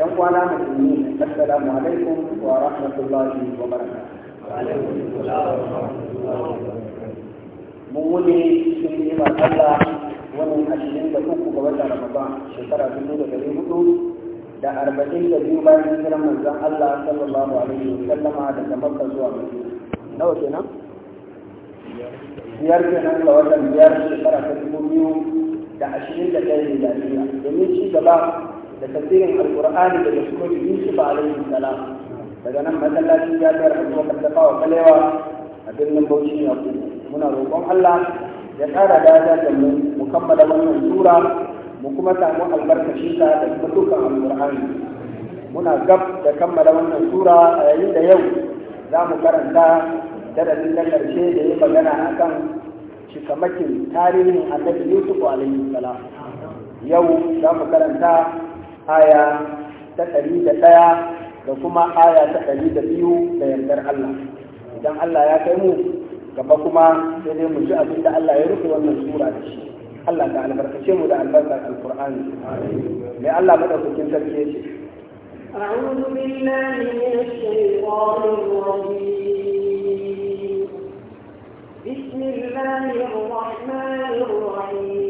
Yan kwana musulmi assalamu alaikum wa rahmatullahi wa barakatuh mun wuni cikin ni'imar Allah wani ashirin da uku ga watan Ramadan shekara dubu da dari hudu da arba'in da biyu bayan hijiran manzon Allah sallallahu alaihi wa sallama daga Makka zuwa Madina nawa kenan biyar kenan ga watan biyar shekara ta dubu biyu da ashirin da ɗaya miladiya domin ci gaba da tafsirin alqur'ani da mashkuri yusuf alaihi salam daga nan masallacin jami'ar abubakar ta wa kalewa a birnin bauchi ya ku muna roƙon allah ya ƙara dada da mu mu kammala wannan sura mu kuma samu albarkacin ta da kuma dukkan alqur'ani muna gab da kammala wannan sura a yayin da yau za mu karanta darasin na ƙarshe da ya magana a kan shikamakin tarihin annabi yusuf alaihi salam yau za mu karanta aya ta ɗari da ɗaya da kuma aya ta ɗari da biyu da yardar Allah idan Allah ya kai mu gaba kuma sai dai mu ji abin da Allah ya rufe wannan sura da shi Allah ta albarkace mu da albarkar alkur'ani mai Allah madaukakin sarki ya ce أعوذ بالله من الشيطان الرجيم بسم الله الرحمن الرحيم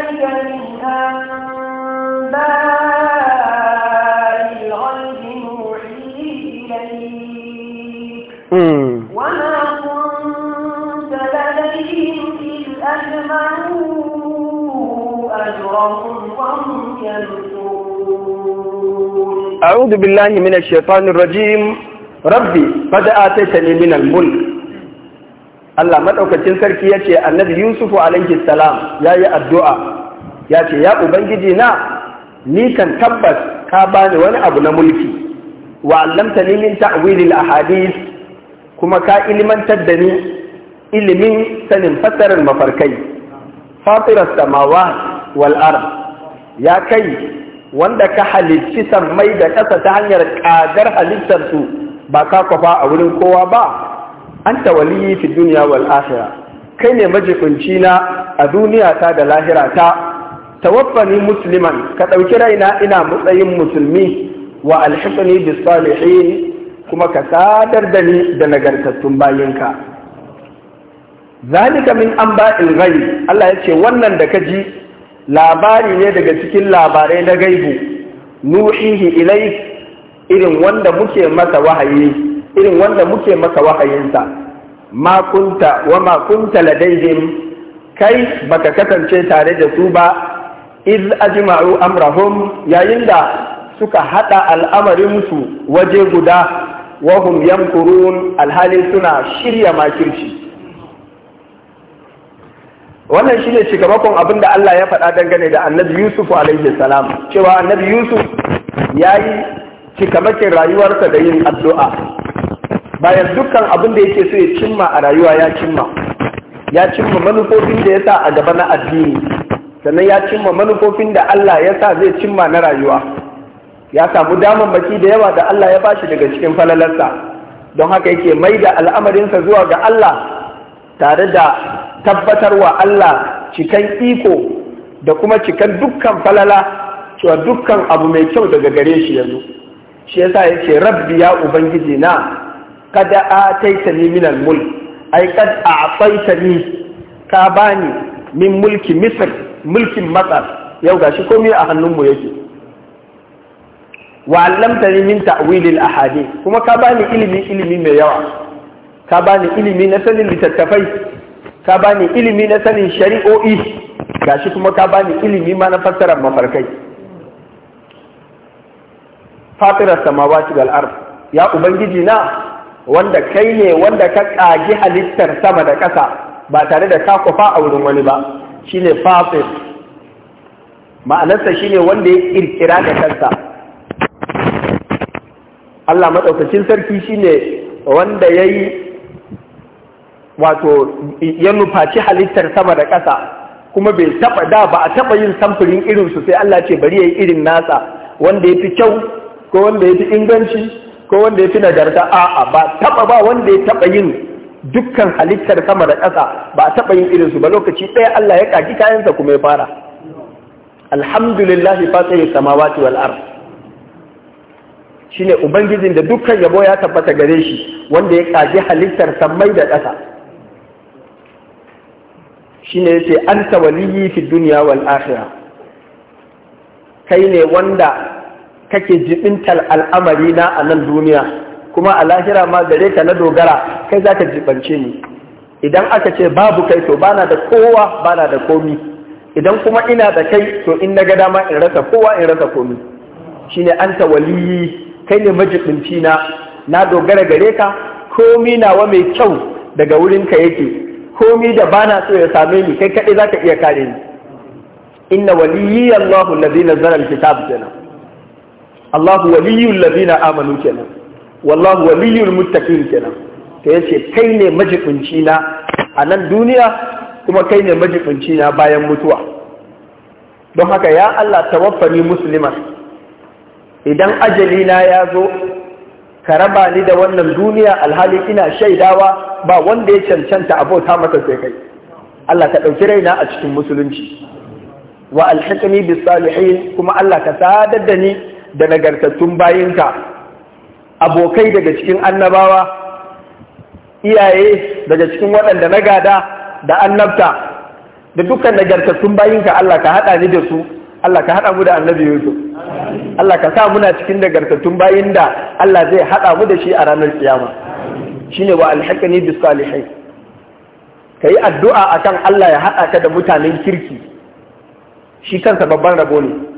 ذلك من أنباء الغيب نوحيه إليك وما كنت لديهم إذ أجمعوا أجرهم وهم يمسون أعوذ بالله من الشيطان الرجيم ربي قد آتيتني من الملك Allah maɗaukacin sarki ya ce annabi Yusufu alaihi salam ya yi addu'a ya ce ya Ubangiji na ni kan tabbas ka bani wani abu na mulki wa allamta ni min ta'wilil ahadith kuma ka ilimantar da ni ilimin sanin fassarar mafarkai fatirar samawa wal ard ya kai wanda ka halicci sammai da ƙasa ta hanyar ƙagar halittarsu ba ka kwafa a wurin kowa ba anta yi fi duniya wal akhirah kai ne majikunci na a duniya ta da lahira ta tawaffani musliman ka ɗauki raina ina matsayin musulmi wa alhiqni bis salihin kuma ka sadar da ni da nagartattun bayinka zalika min anba'il ghaib Allah ya ce wannan da ka ji labari ne daga cikin labarai na gaibu nuhihi ilai irin wanda muke masa wahayi irin wanda muke maka wahayinsa ma kunta wa ma kunta ladaihim kai baka kasance tare da su ba iz ajma'u amrahum yayin da suka hada al'amarin su waje guda wa hum yamkurun alhali suna shirya makirci wannan shine shugaban abin da Allah ya faɗa dangane da Annabi Yusuf alaihi salam cewa Annabi Yusuf yayi cikamakin rayuwarsa da yin addu'a bayan dukkan abin da yake so ya cimma a rayuwa ya cimma ya cimma manufofin da ya sa a gaba na addini sannan ya cimma manufofin da Allah ya sa zai cimma na rayuwa ya samu baki da yawa da Allah ya ba shi daga cikin falalarsa don haka yake mai da al'amarinsa zuwa ga Allah tare da tabbatar wa Allah cikan iko da kuma cikan dukkan falala cewa dukkan abu mai kyau daga gare shi yanzu shi yasa yake rabbi ya ubangiji na kada a taita ni minal mulk ai kad a taita ni ka bani min mulki misr mulkin masar yau ga shi komai a hannunmu yake wa ni min ta'wilil ahadith kuma ka bani ilimi ilimi mai yawa ka bani ilimi na sanin littattafai ka bani ilimi na sanin shari'o'i Ga shi kuma ka bani ilimi ma na fassara mafarkai fatirar samawati wal ard ya ubangiji na wanda kai ne wanda ka ƙagi halittar sama da ƙasa ba tare da ka a wurin wani ba shine fatir ma'anarsa shine wanda ya ƙirƙira da kansa Allah maɗaukacin sarki shi ne wanda ya yi wato ya nufaci halittar sama da ƙasa kuma bai taɓa da ba a taɓa yin samfurin irinsu sai Allah ce bari ya yi irin nasa wanda ya fi kyau ko wanda ya fi inganci ko wanda ya fi nagarta a'a ba taba ba wanda ya taba yin dukkan halittar sama da ƙasa ba a taba yin irinsu ba lokaci ɗaya Allah ya kaki kayansa kuma ya fara alhamdulillahi sama samawati wal ard shine ubangijin da dukkan yabo ya tabbata gare shi wanda ya kaki halittar samai da ƙasa shine yace anta waliyyi fi dunya wal akhirah kai ne wanda kake jibintar al'amari na a nan duniya kuma a lahira ma gare ka na dogara kai za ka jibance ni idan aka ce babu kai to bana da kowa bana da komi idan kuma ina da kai to in na ga dama in rasa kowa in rasa komi shine anta waliyi kai ne majibinci na na dogara gare ka komi nawa mai kyau daga wurin ka yake komi da bana so ya same ni kai kadai zaka iya kare ni inna waliyyi Allahu allazi nazzala alkitab kenan Allahu waliyul ladina amanu kenan wallahu waliyul muttaqin kenan to yace kai ne majibinci na a nan duniya kuma kai ne majibinci na bayan mutuwa don haka ya Allah tawaffani musliman idan ajali na ya zo ka raba ni da wannan duniya alhali ina shaidawa ba wanda ya cancanta abota masa sai kai Allah ka ɗauki raina a cikin musulunci wa alhaƙini bis salihin kuma Allah ka sadar da ni da nagartattun bayinka abokai daga cikin annabawa iyaye daga cikin waɗanda na gada da annabta da dukkan nagartattun bayinka Allah ka haɗa ni da su Allah ka haɗa mu da annabi Yusuf Allah ka sa muna cikin nagartattun bayin da Allah zai haɗa mu da shi a ranar kiyama shine wa alhaqani bis Ka kai addu'a akan Allah ya haɗa ka da mutanen kirki shi kansa babban rabo ne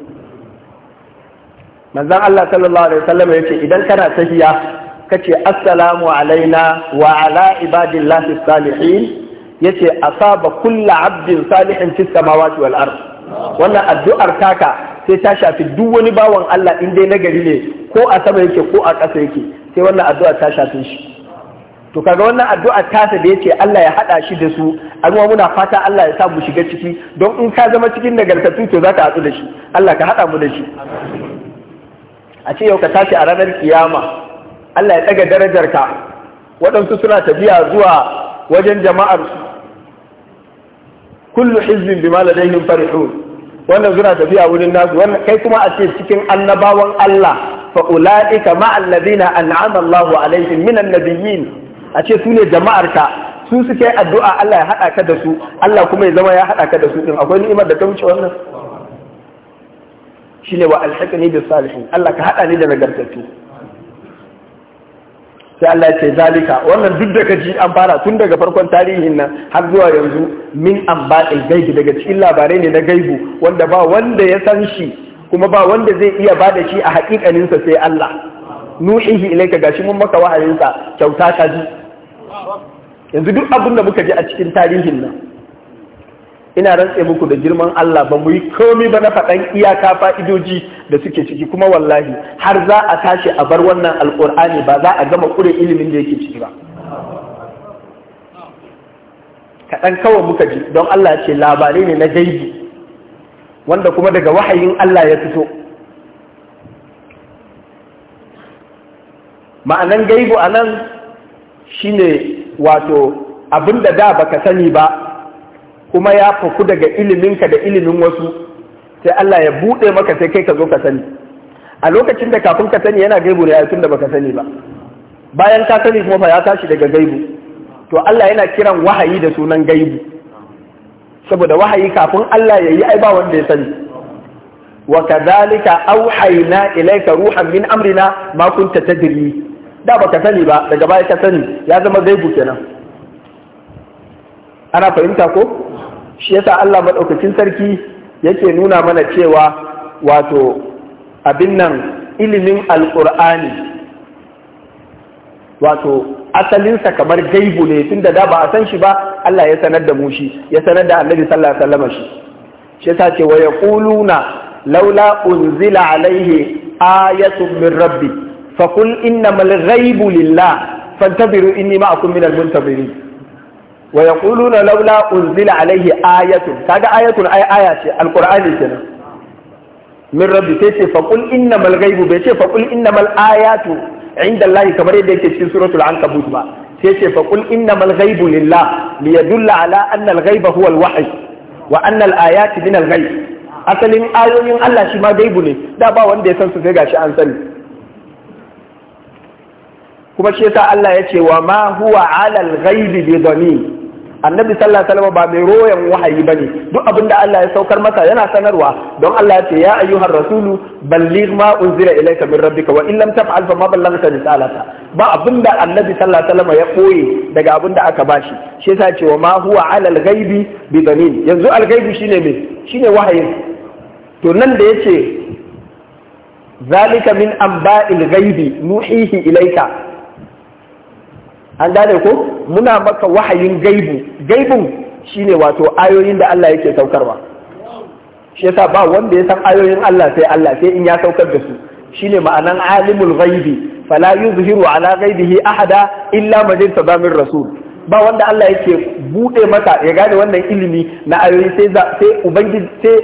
Manzan Allah sallallahu alaihi wasallam ce idan kana tahiya kace assalamu alaina wa ala ibadillahi salihin yace saba kulla abdin salihin fis samawati wal ard wannan addu'ar taka sai ta shafi duk wani bawan Allah in dai nagari ne ko a sama yake ko a ƙasa yake sai wannan addu'a ta shafi shi to kaga wannan addu'a ta da yake Allah ya hada shi da su amma muna fata Allah ya sa mu shiga ciki don in ka zama cikin nagartattu to zaka hadu da shi Allah ka hada mu da shi a ce yau ka tashi a ranar kiyama Allah ya daga darajarka waɗansu suna tafiya zuwa wajen jama'ar su. kullu hizbin bima ladaihim farihun wannan suna tafiya wurin nasu wannan kai kuma a ce cikin annabawan Allah fa ulaika ma alladhina an'ama Allahu alaihim minan nabiyyin a ce su ne jama'arka su suke addu'a Allah ya hada ka da su Allah kuma ya zama ya hada ka da su din akwai ni'imar da ta wuce wannan shine wa alhaqani bis salihin Allah ka hada ni da nagartattu sai Allah ya ce zalika wannan duk da kaji an fara tun daga farkon tarihin nan har zuwa yanzu min amba'il gaibi daga cikin labarai ne na gaibu wanda ba wanda ya san shi kuma ba wanda zai iya ba da shi a hakikaninsa sai Allah nuhihi ilaika gashi mun maka wahayinsa kyauta ka ji yanzu duk abin da muka ji a cikin tarihin nan ina rantse muku da girman Allah ba mu yi komi ba na faɗan iyaka fa'idoji da suke ciki kuma wallahi har za a tashi a bar wannan alƙur'ani ba za a gama kure ilimin da yake ciki ba kaɗan kawai muka ji don Allah ce labarai ne na gaibi wanda kuma daga wahayin Allah ya fito ma'anan gaibu a nan shi ne wato abinda da baka sani ba kuma ya faku daga iliminka da ilimin wasu sai Allah ya buɗe maka sai kai ka zo ka sani a lokacin da kafin ka sani yana gaibu da yakin da baka sani ba bayan ka sani kuma fa ya tashi daga gaibu to Allah yana kiran wahayi da sunan gaibu saboda wahayi kafin Allah ya yi ai ba wanda ya sani wa kadhalika awhayna ilayka ruhan min amrina ma kunta tadri da baka sani ba daga baya ka sani ya zama gaibu kenan ana fahimta ko shi yasa Allah maɗaukacin sarki yake nuna mana cewa wato abin nan ilimin alƙur'ani wato asalinsa kamar gaibu ne tunda da ba a san shi ba Allah ya sanar da mu shi ya sanar da annabi sallallahu alaihi wasallam shi shi yasa ce wa yaquluna laula unzila alaihi ayatun min rabbi fa qul innamal ghaibu lillah fantabiru inni ma'akum minal muntabirin ويقولون لولا أنزل عليه آية كذا آية أي آية القرآن يقول من رب تيسي فقل إنما الغيب بيسي فقل إنما الآيات عند الله كما يديك في سورة العنكبوت ما تيسي فقل إنما الغيب لله ليدل على أن الغيب هو الوحي وأن الآيات من الغيب أصل إن آية من الله شما غيبني دابا وان دي سنسو فيغا شأن كما شيسا الله يتشي وما هو على الغيب بضمين annabi sallallahu alaihi ba mai royan wahayi bane duk abin da Allah ya saukar masa yana sanarwa don Allah ya ce ya ayyuhar rasulu balligh ma unzila ilayka min rabbika wa in lam taf'al fa ma ballaghta risalata ba abin annabi sallallahu alaihi wasallam ya koye daga abinda aka bashi shi yasa ce wa ma huwa ala al-ghaibi bi dalil yanzu al-ghaibi shine me shine wahayi to nan da yace zalika min amba'il ghaibi nuhihi ilayka an gane ko muna maka wahayin gaibu gaibun shine wato ayoyin da Allah yake saukarwa shi yasa ba wanda ya san ayoyin Allah sai Allah sai in ya saukar da su shine ma'anan alimul ghaibi fala yuzhiru ala ghaibihi ahada illa man tabi'a min rasul ba wanda Allah yake bude masa ya gane wannan ilimi na ayoyi sai sai ubangiji sai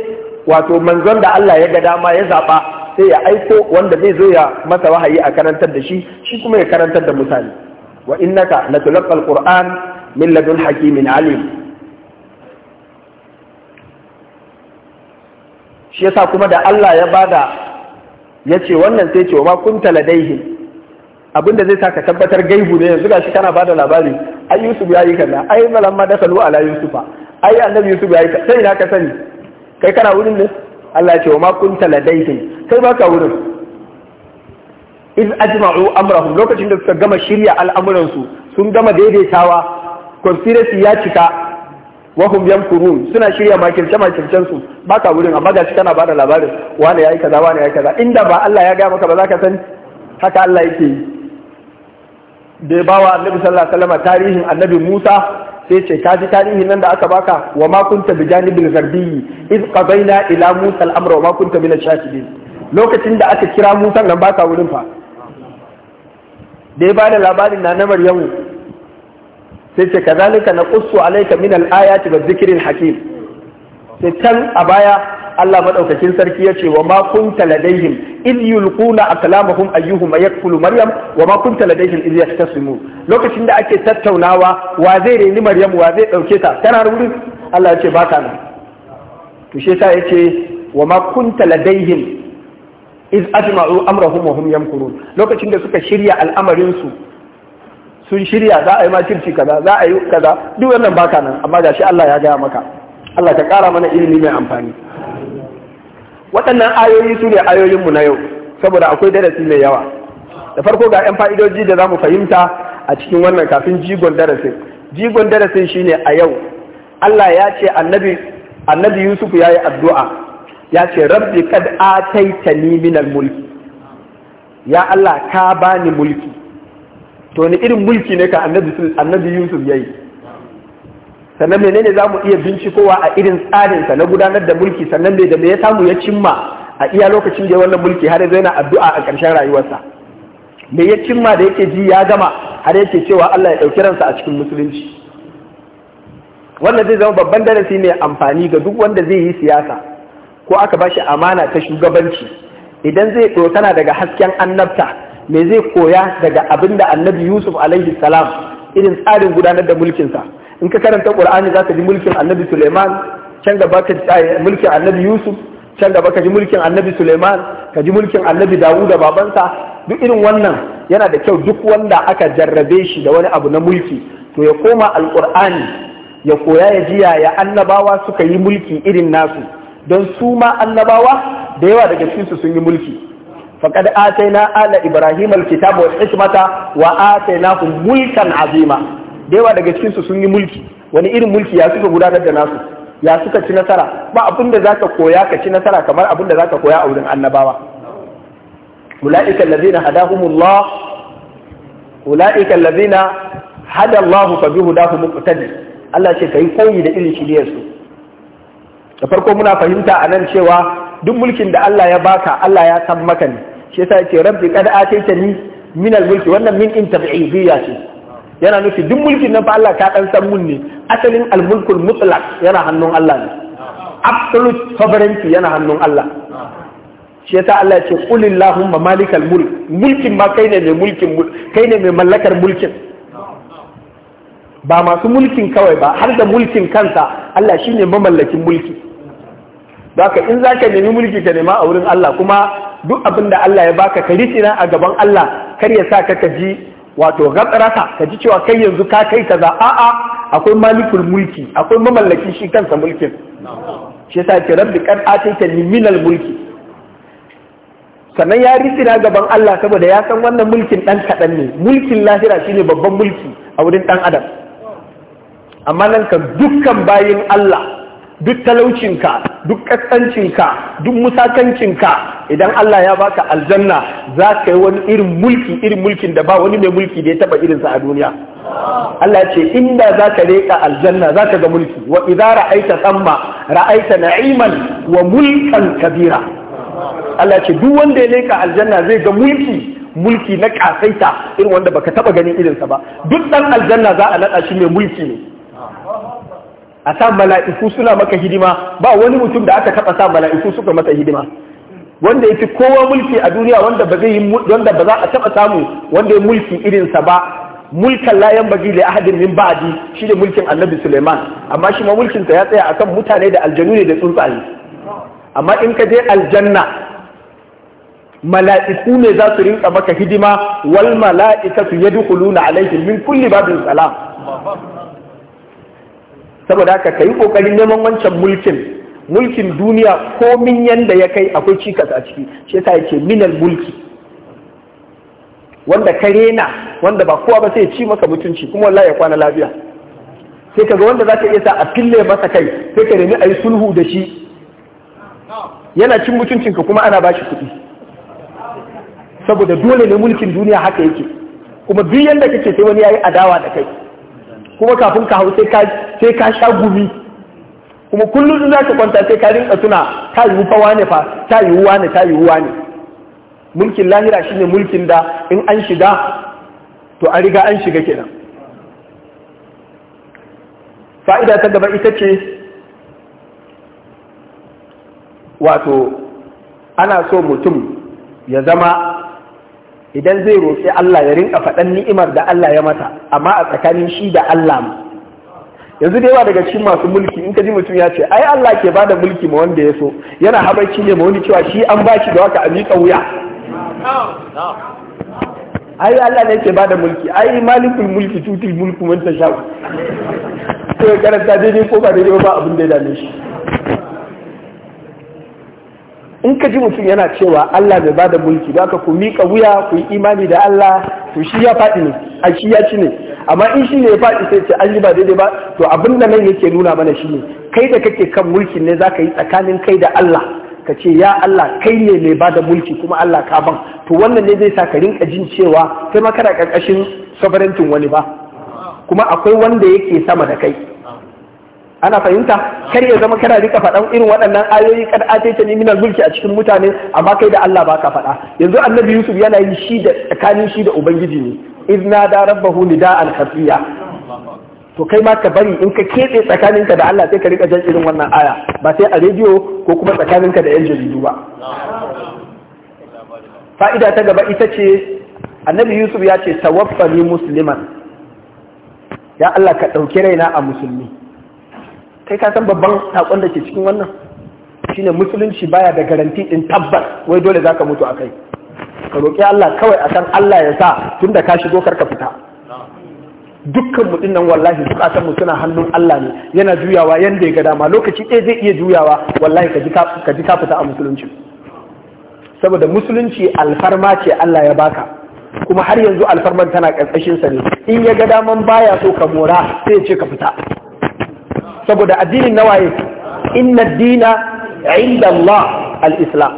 wato manzon da Allah ya ga dama ya zaba sai ya aiko wanda zai zo ya masa wahayi a karantar da shi shi kuma ya karantar da mutane wa innaka latulqa alquran min ladun hakimin alim shi yasa kuma da Allah ya bada yace wannan sai ce wa kun kunta abinda zai sa ka tabbatar gaibu ne yanzu gashi kana bada labari ai Yusuf yayi kaza ai malamma da salu ala Yusufa ai annabi Yusuf yayi kaza sai na ka sani kai kana wurin ne Allah ya ce wa ma kunta ladaihi kai baka wurin iz ajma'u amrahum lokacin da suka gama shirya al'amuran su sun gama daidaitawa conspiracy ya cika wa hum yamkurun suna shirya makirce makircen su baka wurin amma gashi kana bada labarin wani yayi kaza wani yayi kaza inda ba Allah ya ga maka ba za ka san haka Allah yake yi ba wa annabi sallallahu alaihi wasallam tarihin annabi Musa sai ce ka ji tarihin nan da aka baka wa ma kunta bi janibil gharbi iz qadaina ila Musa al-amra wa ma kunta min ash-shakidin lokacin da aka kira Musa nan baka wurin fa da ya bada labarin na na maryamu sai ce na qussu alaika min al'aya ayati wa zikirin hakim sai can a baya Allah madaukakin sarki ya ce wa ma kunta ladaihim in ayyuhu aklamahum ya kulu maryam wa ma kunta ladaihim idh yahtasimu lokacin da ake tattaunawa wa zai reni maryam wa zai dauke ta kana wurin Allah ya ce baka nan to shi yasa yace wa ma kunta ladaihim iz ajma'u amrahum wa hum yamkurun lokacin da suka shirya al'amarin su sun shirya za a yi makirci kaza za a yi kaza duk wannan baka nan amma gashi Allah ya gaya maka Allah ka kara mana ilimi mai amfani waɗannan ayoyi su ne mu na yau saboda akwai darasi mai yawa da farko ga 'yan fa'idoji da za mu fahimta a cikin wannan kafin jigon darasin jigon darasin shine a yau Allah ya ce annabi Yusuf ya yi addu'a ya ce rabbi kad taita minal mulki ya Allah ka bani mulki to ni irin mulki ne ka annabi Yusuf yayi sannan menene za mu iya bincikowa a irin tsarinsa na gudanar da mulki sannan me da me ya samu ya cimma a iya lokacin da ya wannan mulki har zai na addu'a a ƙarshen rayuwarsa me ya cimma da yake ji ya gama har yake cewa Allah ya ɗauki ransa a cikin musulunci wannan zai zama babban darasi mai amfani ga duk wanda zai yi siyasa ko aka ba shi amana ta shugabanci idan zai tana daga hasken annabta me zai koya daga abin da annabi yusuf alaihi salam irin tsarin gudanar da mulkinsa in ka karanta qur'ani za ka ji mulkin annabi suleiman can gaba ka ji eh, mulkin annabi yusuf can gaba ka ji mulkin annabi suleiman ka ji mulkin annabi da babansa duk irin wannan yana da kyau duk wanda aka jarrabe shi da wani abu na mulki to ya koma Alƙur'ani ya koya ya jiya ya annabawa suka yi mulki irin nasu don su ma annabawa da yawa daga cikinsu sun yi mulki faqad atayna ala ibrahim alkitaba wal mata wa atainahum mulkan azima da yawa daga cikinsu sun yi mulki wani irin mulki ya suka gudanar da nasu ya suka ci nasara ba abin da zaka koya ka ci nasara kamar abin da zaka koya a wurin annabawa ulaika allazina hadahumullah ulaika allazina hada Allah fa bihudahum muqtadi Allah ce kai koyi da irin shiriyar su da farko muna fahimta a nan cewa duk mulkin da Allah ya baka Allah ya san maka ne shi yasa yace rabbi qad ataitani min al-mulki wannan min in tab'idiyya ce yana nufi duk mulkin nan fa Allah ka dan san mun ne asalin al-mulkul mutlaq yana hannun Allah ne absolute sovereignty yana hannun Allah shi yasa Allah ya ce qul illahumma malikal mulk mulkin ma kai ne mai mulkin kai ne mai mallakar mulkin ba masu mulkin kawai ba har da mulkin kansa Allah shine mamallakin mulki Baka in za ka nemi mulki ka nema a wurin Allah kuma duk abin da Allah ya baka ka rikina a gaban Allah kar ya sa ka ka ji wato gatsarata ka ji cewa kai yanzu ka kai ka za, a'a akwai malikul mulki akwai mamallaki shi kansa mulkin shi yasa ke rabbi qad ataitani minal mulki sannan ya rikina gaban Allah saboda ya san wannan mulkin dan kadan ne mulkin lahira shine babban mulki a wurin dan adam amma nan kan dukkan bayin Allah duk talaucinka duk ƙasƙancinka duk musakancinka idan Allah ya baka aljanna za ka yi wani irin mulki irin mulkin da ba wani mai mulki da ya taba irinsa a duniya Allah ce inda za ka leƙa aljanna za ka ga mulki wa idza ra'aita tsamma ra'aita na'iman wa mulkan kabira Allah ce duk wanda ya leƙa aljanna zai ga mulki mulki na kasaita irin wanda baka taba ganin irinsa ba duk dan aljanna za a naɗa shi mai mulki ne a sa mala'iku suna maka hidima ba wani mutum da aka taɓa sa mala'iku suka masa hidima wanda ya fi kowa mulki a duniya wanda ba zai wanda ba za a taɓa samu wanda ya mulki sa ba mulkan layan bagi da ahadin min ba'di shi ne mulkin annabi suleiman amma shi ma mulkinsa ya tsaya akan mutane da aljanu ne da tsuntsaye amma in ka je aljanna mala'iku ne za su rinka maka hidima wal mala'ikatu yadkhuluna alaihim min kulli babin salam saboda haka ka yi ƙoƙarin neman wancan mulkin mulkin duniya komin yanda ya kai akwai cikas a ciki shi ta yake minal mulki wanda ka rena wanda ba kowa ba sai ci maka mutunci kuma wallahi ya kwana lafiya sai kaga wanda za ka iya sa a fille masa kai sai ka nemi a yi sulhu da shi yana cin mutuncinka kuma ana ba shi kuɗi saboda dole ne mulkin duniya haka yake kuma duk yanda kake sai wani ya yi adawa da kai kuma kafin ka hau sai ka sha gumi kuma kullum in za ka kwanta sai ka rinka suna ta yi wufa wane fa ta yi wuwa ne ta yi wuwa ne mulkin lahira shine mulkin da in an shiga to a riga an shiga kenan fa'ida ta gaba ita ce wato ana so mutum ya zama idan zai roƙi Allah ya rinka faɗan ni'imar da Allah ya mata amma a tsakanin shi da Allah yanzu da yawa daga cikin masu mulki in ka ji mutum ya ce ai Allah ke bada mulki ma wanda ya so yana habaici ne ma wani cewa shi an ba shi da waka a miƙa wuya ai Allah ne ke bada mulki ai malikul mulki tutul mulku man tasha to karanta daidai ko ba daidai ba abin da ya dame shi in ka ji mutum yana cewa Allah bai bada mulki ba ka ku miƙa wuya ku yi imani da Allah to shi ya faɗi ne a shi ya ci ne amma in shi ne ya faɗi sai ce an yi ba daidai ba to abin da nan yake nuna mana shi ne kai da kake kan mulkin ne zaka yi tsakanin kai da Allah ka ce ya Allah kai ne mai bada mulki kuma Allah ka ban to wannan ne zai sa ka rinka jin cewa kai ma kana karkashin sovereignty wani ba kuma akwai wanda yake sama da kai ana fahimta kar ya zama kana rika faɗan irin waɗannan ayoyi kad atayta ni minal mulki a cikin mutane amma kai da Allah baka faɗa yanzu annabi Yusuf yana yi shi da tsakanin shi da ubangiji ne izna da rabbahu nida'an khafiya to kai ma ka bari in ka keɓe tsakaninka da Allah sai ka rika jan irin wannan aya ba sai a rediyo ko kuma tsakaninka da yan jaridu ba fa'ida ta gaba ita ce annabi Yusuf ya ce tawaffani musliman ya Allah ka ɗauki raina a musulmi kai ka san babban sakon da ke cikin wannan shine musulunci baya da garanti din tabbas wai dole zaka mutu akai ka roki Allah kawai akan Allah ya sa tunda ka shigo karka fita dukkan mutum nan wallahi bukatan mu suna hannun Allah ne yana juyawa yanda ya ga dama lokaci ɗaya zai iya juyawa wallahi ka ji ka fita a musulunci saboda musulunci alfarma ce Allah ya baka kuma har yanzu alfarman tana ƙarƙashin sa ne in ya ga daman baya so ka mora sai ya ce ka fita saboda addinin nawaye inna dina inda Allah al-islam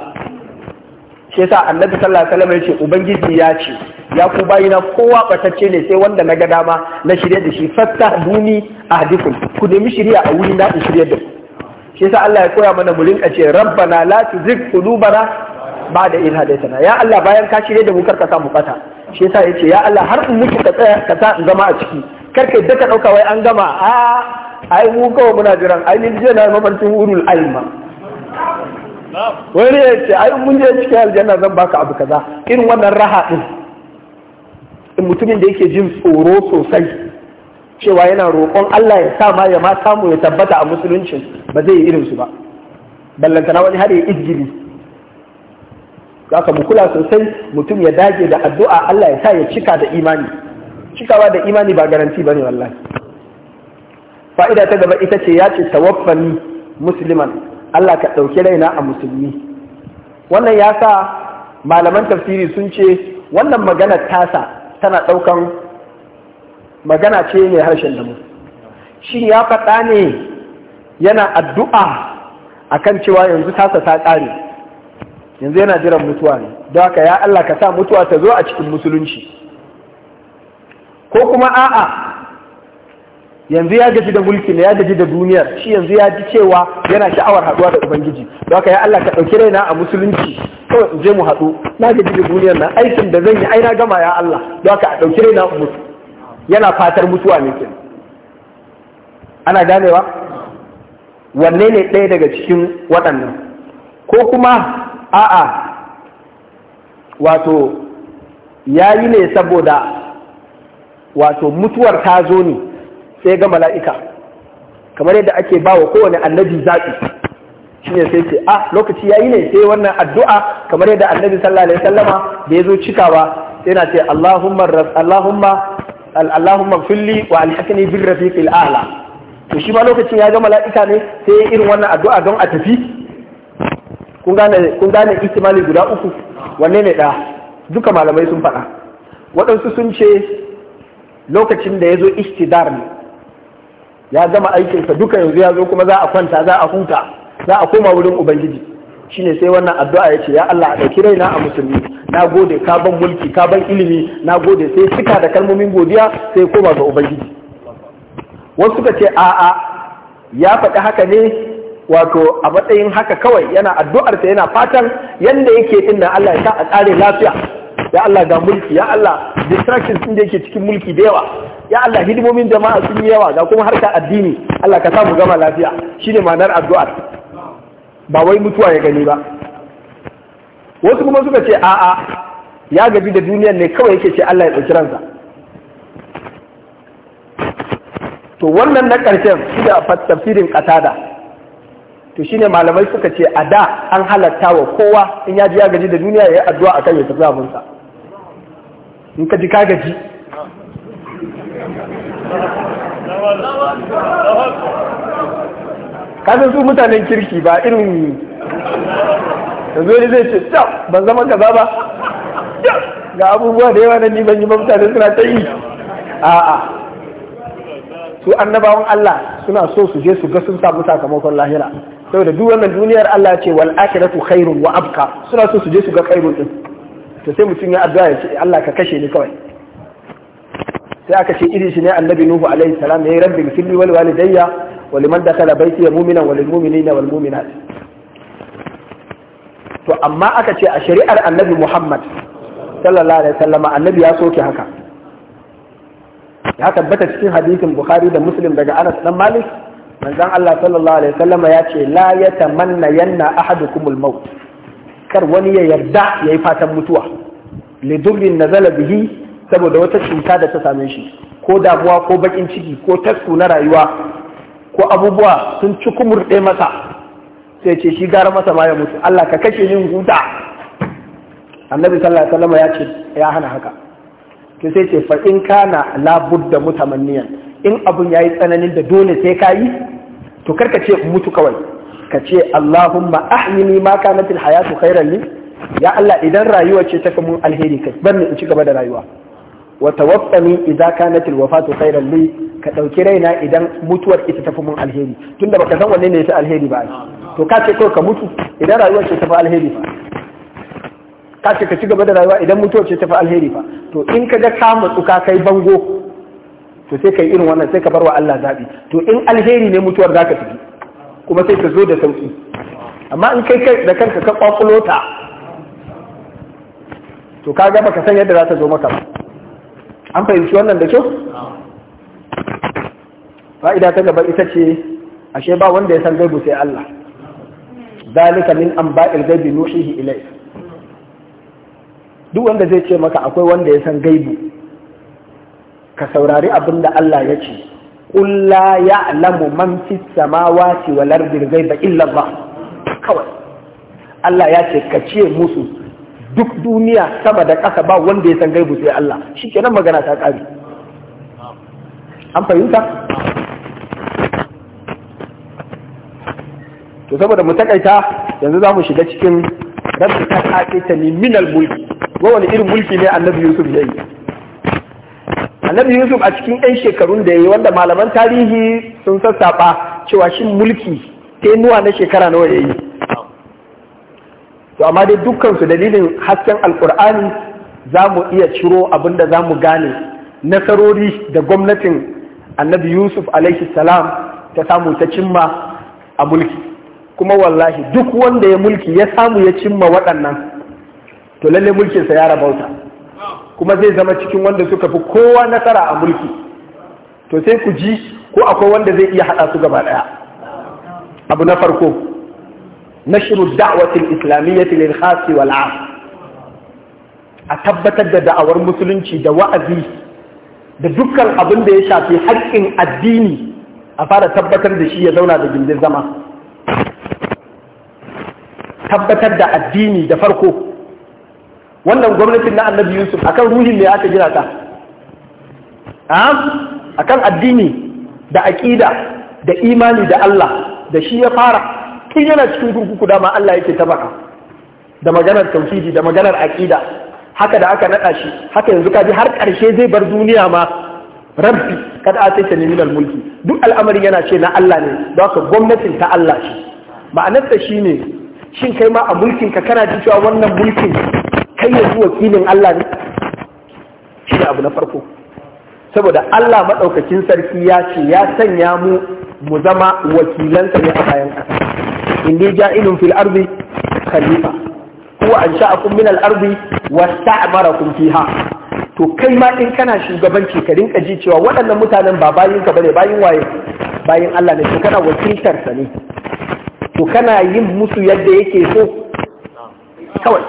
shi yasa annabi sallallahu alaihi wasallam yace ubangiji ya ce ya ku bayina kowa batacce ne sai wanda na ga dama na shirye da shi fatta duni ahdikum ku nemi shirya a wuri na in shirye da shi sa Allah ya koya mana mu rinka ce rabbana la tuzigh qulubana ba'da idh hadaytana ya Allah bayan ka shirya da mu karka sa mu bata shi ya yace ya Allah har in mutu ka tsaya ka sa in gama a ciki karka yadda ka dauka wai an gama a ai mu kawai muna jiran ai ni jiya na mafarkin urul alma wani ya ce ai mun je cikin aljanna zan baka abu kaza irin wannan raha din in mutumin da yake jin tsoro sosai cewa yana roƙon Allah ya sa ma ya ma samu ya tabbata a musuluncin ba zai yi irin su ba na wani har ya izgili ka mu kula sosai mutum ya dage da addu'a Allah ya sa ya cika da imani cikawa da imani ba garanti bane wallahi fa'ida ta gaba ita ce ya ce tawaffani musulman Allah ka ɗauki raina a musulmi wannan ya sa malaman tafsiri sun ce wannan magana tasa tana ɗaukan magana ce mai harshen damu shi ya faɗa ne yana addu'a a kan cewa yanzu tasa ta ƙare yanzu yana jiran mutuwa ne don haka ya Allah ka sa mutuwa ta zo a cikin musulunci ko kuma a'a yanzu ya gaji da mulkin ya gaji da duniyar shi yanzu ya ji cewa yana sha'awar haɗuwa da ubangiji don haka ya Allah ka ɗauki raina a musulunci kawai in je mu haɗu na gaji da duniyar nan aikin da zan yi aina gama ya Allah don haka a ɗauki raina mutu yana fatar mutuwa ne ke ana ganewa wanne ne ɗaya daga cikin waɗannan ko kuma a'a wato ya yi ne saboda wato mutuwar ta zo ne sai ga mala'ika kamar yadda ake ba wa kowane annabi zaɓi shi ne sai ce a ah, lokaci yi ne sai wannan addu'a kamar yadda annabi sallallahu alaihi wasallama da ya zo cikawa sai na ce Allahumma Allahumma Allahumma filli wa alhaqni bin rafiqil a'la to shi ma lokacin ya ga mala'ika ne sai ya irin wannan addu'a don a tafi kun gane istimali guda uku wanne ne da duka malamai sun faɗa waɗansu sun ce lokacin da ya zo istidar ne ya zama aikinsa duka yanzu ya zo kuma za a kwanta za a huta za a koma wurin ubangiji shine sai wannan addu'a ya ce ya Allah a ɗauki raina a musulmi na gode ka ban mulki ka ban ilimi na gode sai cika da kalmomin godiya sai koma ga ubangiji wasu suka ce a'a ya faɗi haka ne wato a matsayin haka kawai yana addu'arsa yana fatan Yadda yake inda Allah ya sa a tsare lafiya ya Allah ga mulki ya Allah distractions din da yake cikin mulki da yawa ya Allah hidimomin jama'a sun yi yawa ga kuma harka addini Allah ka samu gama lafiya shine ma'anar addu'a ba wai mutuwa ya gani ba wasu kuma suka ce a'a ya gaji da duniyar ne kawai yake ce Allah ya ɗauki ransa to wannan na ƙarshen shi da tafsirin ƙasada to shine malamai suka ce a da an halatta wa kowa in ya ji ya gaji da duniya ya yi addu'a akan ya tafi abunsa in ka ji ka gaji kasan su mutanen kirki ba irin yanzu zai ce ban zama kaza ba ga abubuwa da yawa na ni ban yi ba mutane suna ta yi a'a su annabawan Allah suna so su je su ga sun samu sakamakon lahira saboda duk wannan duniyar Allah ce wal akhiratu khairun wa abka suna so su je su ga khairun din to sai mutum ya addu'a ya ce Allah ka kashe ni kawai sai aka ce irin shi ne annabi nuhu alaihi salam yayi rabbi gfirli wal walidayya wa liman dakala baiti mu'minan wal mu'minina wal mu'minat to amma aka ce a shari'ar annabi Muhammad sallallahu alaihi wasallama annabi ya soke haka ya tabbata cikin hadisin Bukhari da Muslim daga Anas dan Malik manzon Allah sallallahu alaihi wasallama ya ce la yatamanna yanna ahadukumul maut kar wani ya yarda yayi fatan mutuwa lidurrin nazala bihi saboda wata cuta da ta same shi ko damuwa ko bakin ciki ko tasku na rayuwa ko abubuwa sun ci kumurɗe masa sai ce shi gara masa ma ya mutu Allah ka kashe yin huta annabi sallallahu alaihi wasallam ya ce ya hana haka ke sai ce fa in kana la budda mutamanniyan in abun yayi tsananin da dole sai ka yi to karka ce mutu kawai ka ce Allahumma ahyini ma kanatil hayatu khairan li ya Allah idan rayuwa ce ta kamun alheri kai bar ni in ci gaba da rayuwa wa tawaffani idza kanat alwafatu khairan li ka ɗauki raina idan mutuwar ita tafi mun alheri tunda baka san wanne ne ya fi alheri ba to ka ce kawai ka mutu idan rayuwar ce tafi alheri fa ka ce ka ci gaba da rayuwa idan mutuwar ce tafi alheri fa to in ka ga ka matsu ka kai bango to sai ka yi irin wannan sai ka bar wa Allah zaɓi to in alheri ne mutuwar za ka tafi kuma sai ka zo da sauki amma in kai kai da kanka ka kwakulota ta to ka ga baka san yadda za ta zo maka ba an fahimci wannan da kyau fa'ida ta gaba ita ce ashe ba wanda ya san gaibu sai Allah zalika min anba'il shi nuhihi ilai. duk wanda zai ce maka akwai wanda ya san gaibu ka saurari abin da Allah ya ce Kulla ya alamu man fis samawati wal ardi ba illa ba kawai Allah ya ce ka ce musu duk duniya sama da ƙasa ba wanda ya san gaibu sai Allah shi kenan magana ta ƙari an fahimta to saboda mu taƙaita yanzu za mu shiga cikin rabbi ta ta ni mulki wani irin mulki ne annabi yusuf ya yi annabi yusuf a cikin 'yan shekarun da ya yi wanda malaman tarihi sun sassaɓa cewa shin mulki nuwa na shekara nawa ya yi to amma dai dukkan dalilin hasken alkur'ani za mu iya ciro abin da za mu gane nasarori da gwamnatin annabi yusuf alaihi salam ta samu ta cimma a mulki kuma wallahi duk wanda ya mulki ya samu ya cimma waɗannan to lalle mulkinsa ya rabauta kuma zai zama cikin wanda suka fi kowa nasara a mulki to sai ku ji ko akwai wanda zai iya haɗa su gaba ɗaya abu na farko Na da'wati al-islamiyyati lil khas wal 'am a tabbatar da da'awar musulunci da wa'azi da dukkan abin da ya shafi haƙƙin addini a fara tabbatar da shi ya zauna da gindin zama tabbatar da addini da farko wannan gwamnatin na annabi yusuf akan ruhin da ya aka gina ta akan addini da aƙida da imani da Allah da shi ya fara tun yana cikin kurkuku dama Allah yake ta baka da maganar tauhidi da maganar aqida haka da aka nada shi haka yanzu kaji har karshe zai bar duniya ma rabbi kad ataita ni minal mulki duk al'amari yana ce na Allah ne don haka gwamnatin ta Allah ce ma'anar ta shine shin kai ma a mulkin ka kana ji cewa wannan mulkin kai yanzu wakilin Allah ne shi abu na farko saboda Allah maɗaukakin sarki ya ce ya sanya mu mu zama wakilansa ne a bayan ƙasa inni ja'ilun fil ardi khalifa huwa ansha'akum min al ardi wasta'marakum fiha to kai ma in kana shugabanci ka rinka ji cewa waɗannan mutanen ba bayin ka bane bayin waye bayin Allah ne to kana wakiltar sa ne to kana yin musu yadda yake so kawai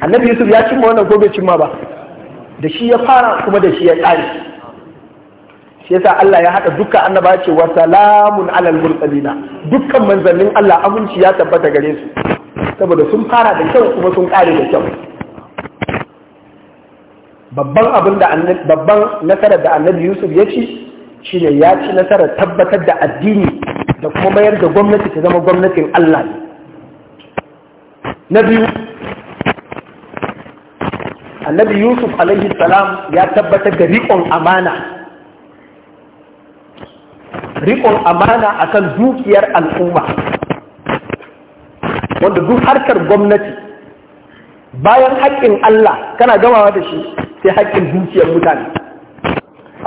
annabi Yusuf ya cimma wannan ko cimma ba da shi ya fara kuma da shi ya tsare shi yasa Allah ya haɗa dukkan annaba ce wa salamun alal mursalina dukkan manzannin Allah aminci ya tabbata gare su saboda sun fara da kyau kuma sun ƙare da kyau babban abin da babban nasarar da annabi Yusuf ya ci shine ya ci nasarar tabbatar da addini da kuma mayar da gwamnati ta zama gwamnatin Allah ne na annabi Yusuf alaihi salam ya tabbatar da riƙon amana riƙon amana akan dukiyar al'umma wanda duk harkar gwamnati bayan haƙƙin Allah kana gamawa da shi sai haƙƙin dukiyar mutane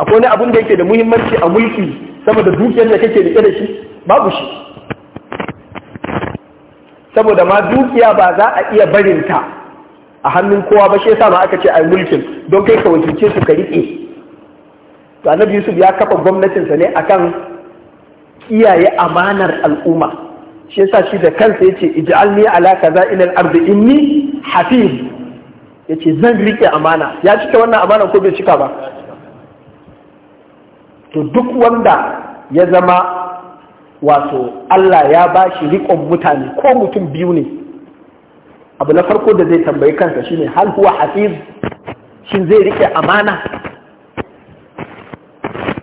akwai wani abin da yake da muhimmanci a mulki saboda dukiyar da kake ke da shi babu shi saboda ma dukiya ba za a iya barinta a hannun kowa ba shi sama aka ce a mulkin don kai ka wajince su ka riƙe to annabi Yusuf ya kafa gwamnatinsa ne akan Iyaye amanar al'umma shi yasa shi da kansa yace ij'alni ala kaza ila al-ard inni hafiz yace zan rike amana ya cika wannan amana ko bai cika ba to duk wanda ya zama wato Allah ya ba shi riƙon mutane ko mutum biyu ne abu na farko da zai tambayi kansa shine hal huwa hafiz shin zai rike amana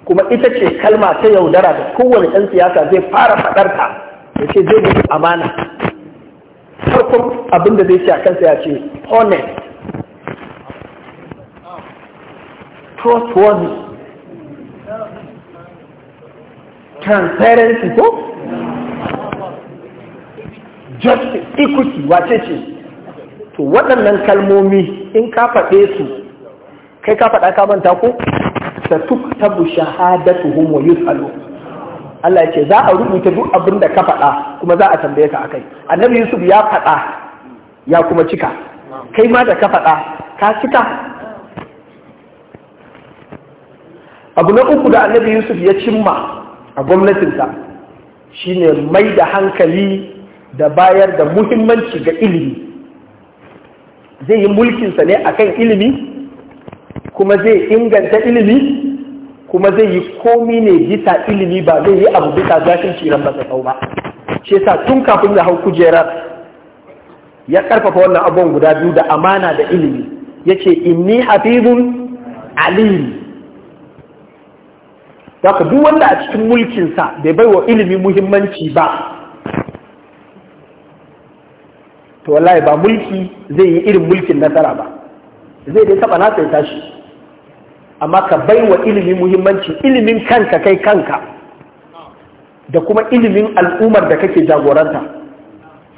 kuma ita ce kalma ta yaudara da kowane ɗan siyasa zai fara faɗar ta ya ce zai mutu amana farkon abin da zai ce a kansa ya ce honest trustworthy transparency ko justice equity wace ce to waɗannan kalmomi in ka faɗe su kai ka faɗa ka manta ko satuktabu shahadatuhum wa yus'alu Allah ya ce za a rubuta duk abin da ka faɗa kuma za a tambaye ka akai annabi Yusuf ya faɗa ya kuma cika kai ma da ka faɗa ka cika abu na uku da annabi Yusuf ya cimma a gwamnatinsa shine mai da hankali da bayar da muhimmanci ga ilimi zai yi mulkinsa ne akan ilimi kuma zai inganta ilimi kuma zai yi komi ne bisa ilimi ba zai yi abu bisa zafin ciran ba tsakau ba shi yasa tun kafin ya hau kujerar ya karfafa wannan abubuwan guda biyu da amana da ilimi yace inni hafizun alim Daka duk wanda a cikin mulkinsa bai bai wa ilimi muhimmanci ba to wallahi ba mulki zai yi irin mulkin nasara ba zai dai taba na ya tashi amma ka bai wa ilimin muhimmanci ilimin kanka kai kanka da kuma ilimin al'ummar da kake jagoranta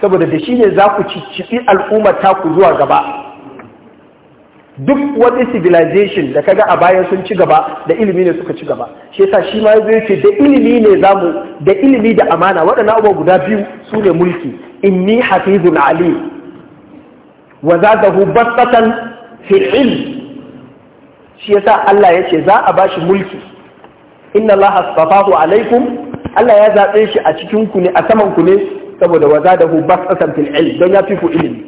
saboda da shi ne za ku cicciɓi al'ummar taku zuwa gaba duk wani civilization da kaga a bayan sun ci gaba da ilimi ne suka ci gaba shi yasa shi ma zai ce da ilimi ne zamu da ilimi da amana waɗannan abubuwa guda biyu su ne mulki inni hafizun ali wa zadahu basatan fi'il shi yasa Allah ya ce za a bashi mulki inna Allah astafahu alaikum Allah ya zaɓe shi a cikin ne a saman ne saboda waza da hu basasan fil ilm don ya fi ku ilimi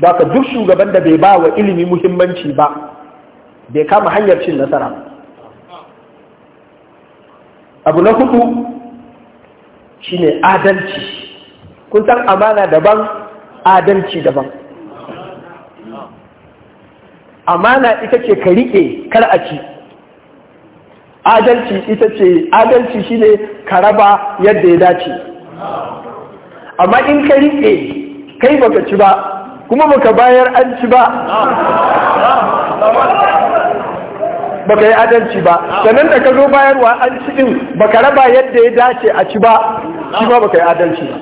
Ba ka duk shugaban da bai ba wa ilimi muhimmanci ba bai kama hanyar cin nasara abu na shi shine adalci kun san amana daban adalci daban amana ita ce ka riƙe kar a ci adalci ita ce adalci shine ka raba yadda ya dace amma in ka riƙe kai baka ci ba kuma baka bayar an ci ba baka yi adalci ba sannan da ka zo bayarwa an ci din baka raba yadda ya dace a ci ba shi ba baka yi adalci ba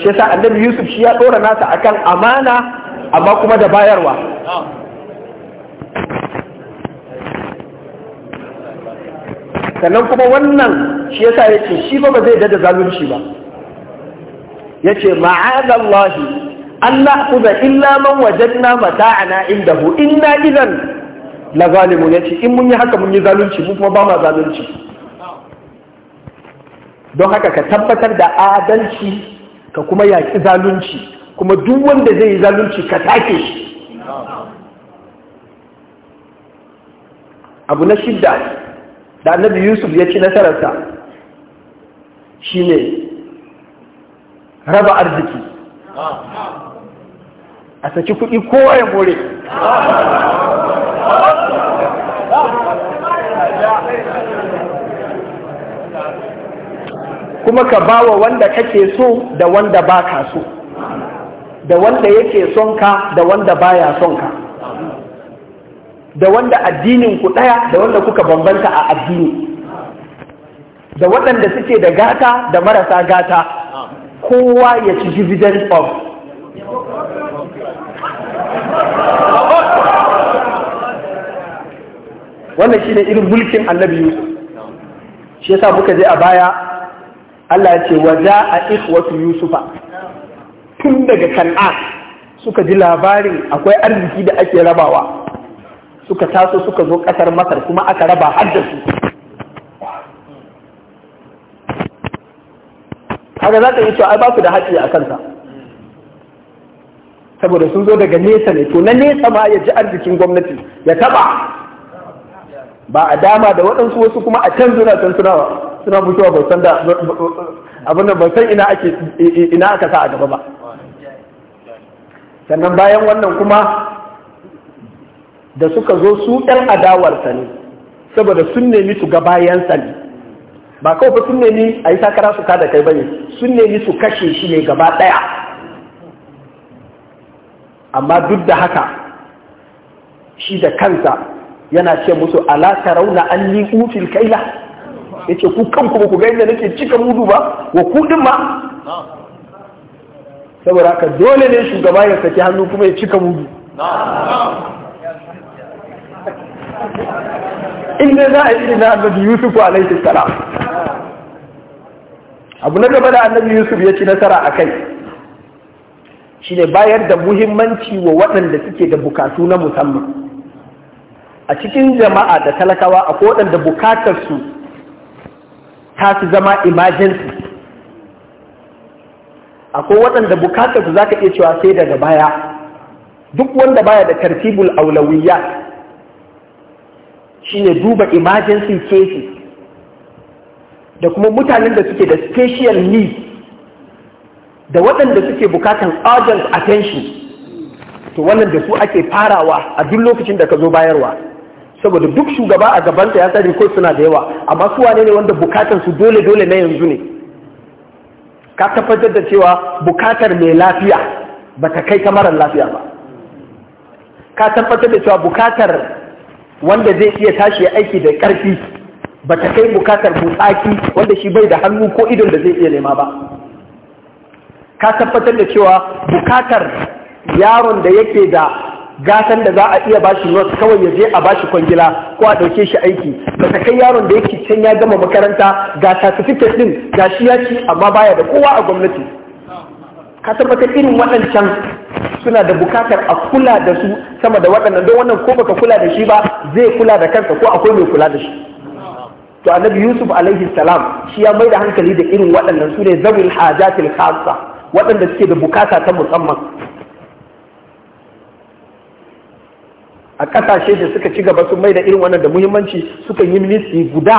shi yasa annabi yusuf shi ya dora nasa akan amana amma kuma da bayarwa sannan kuma wannan shi yasa ya ce shi ba ba zai dada zalunci ba ya ce ma'adallahi Allah illa man wajenna mata'ana indahu inna idan la zalimu ya ce in mun yi haka mun yi zalunci mun kuma ba ma zalunci don haka ka tabbatar da adalci ka kuma yaƙi zalunci kuma duk wanda zai yi zalunci ka take shi abu na shidda da annabi yusuf ya ci nasararsa ne raba arziki a saki kuɗi kowa ya more kuma ka bawa wanda kake so da wanda ba ka so da wanda yake son ka da wanda baya son ka da wanda addinin ku ɗaya da wanda kuka bambanta a addini da waɗanda suke da gata da marasa gata kowa ya ci dividend of wannan ne irin mulkin annabi yusuf shi yasa muka je a baya Allah ya ce wa a ikwatu yusufa tun daga kan'an suka ji labarin akwai arziki da ake rabawa suka taso suka zo ƙasar masar kuma aka raba har da su haka za ka yi cewa ba su da haƙƙi a kansa saboda sun zo daga nesa ne to na nesa ma ya ji arzikin gwamnati ya taba ba a dama da waɗansu wasu kuma a can suna can suna suna mutuwa ba san da abin da ba san ina ake ina aka sa a gaba ba sannan bayan wannan kuma da suka zo su ɗan adawarsa ne saboda sun nemi su ga bayansa ne ba kawai sun nemi a yi takara su kada kai bane sun nemi su kashe shi ne gaba ɗaya amma duk da haka shi da kansa yana ce musu ala rauna an ni ufil kaila yace ku kanku ba ku ga inda nake cika mudu ba wa kuɗin ma saboda haka dole ne shugaba ya saki hannu kuma ya cika mudu in ne za a yi na annabi yusuf laifin salam abu na gaba da annabi yusuf ya ci nasara a kai shi ne bayar da muhimmanci wa waɗanda suke da bukatu na musamman a cikin jama'a da talakawa a waɗanda bukatarsu ta su zama emergency akwai waɗanda bukatar su zaka iya cewa sai daga baya duk wanda baya da tartibul aulawiyya shine duba emergency cases da kuma mutanen da suke da special needs da waɗanda suke bukatan urgent attention to wannan da su ake farawa a duk lokacin da ka zo bayarwa saboda duk shugaba a gabanta ya tsari ko suna da yawa amma su wane ne wanda bukatan su dole dole na yanzu ne ka tabbatar da cewa bukatar mai lafiya ba ta kai ta marar lafiya ba ka tabbatar da cewa bukatar wanda zai iya tashi aiki da ƙarfi ba ta kai bukatar butsaki wanda shi bai da hannu ko idon da zai iya nema ba ka tabbatar da cewa bukatar yaron da yake da Gasan da za a iya bashi not kawai ya je a bashi kwangila ko a ɗauke shi aiki ba ta kai yaron da yake can ya gama makaranta ga certificate din ga shi ya ci amma baya da kowa a gwamnati ka tabbata irin waɗancan suna da bukatar a kula da su sama da waɗannan don wannan ko baka kula da shi ba zai kula da kansa ko akwai mai kula da shi to annabi yusuf alaihi salam shi ya mai da hankali da irin waɗannan su ne zabil hajatil khassa waɗanda suke da bukata ta musamman a kasashe da suka ci gaba sun mai da irin wannan da muhimmanci suka yi ministry guda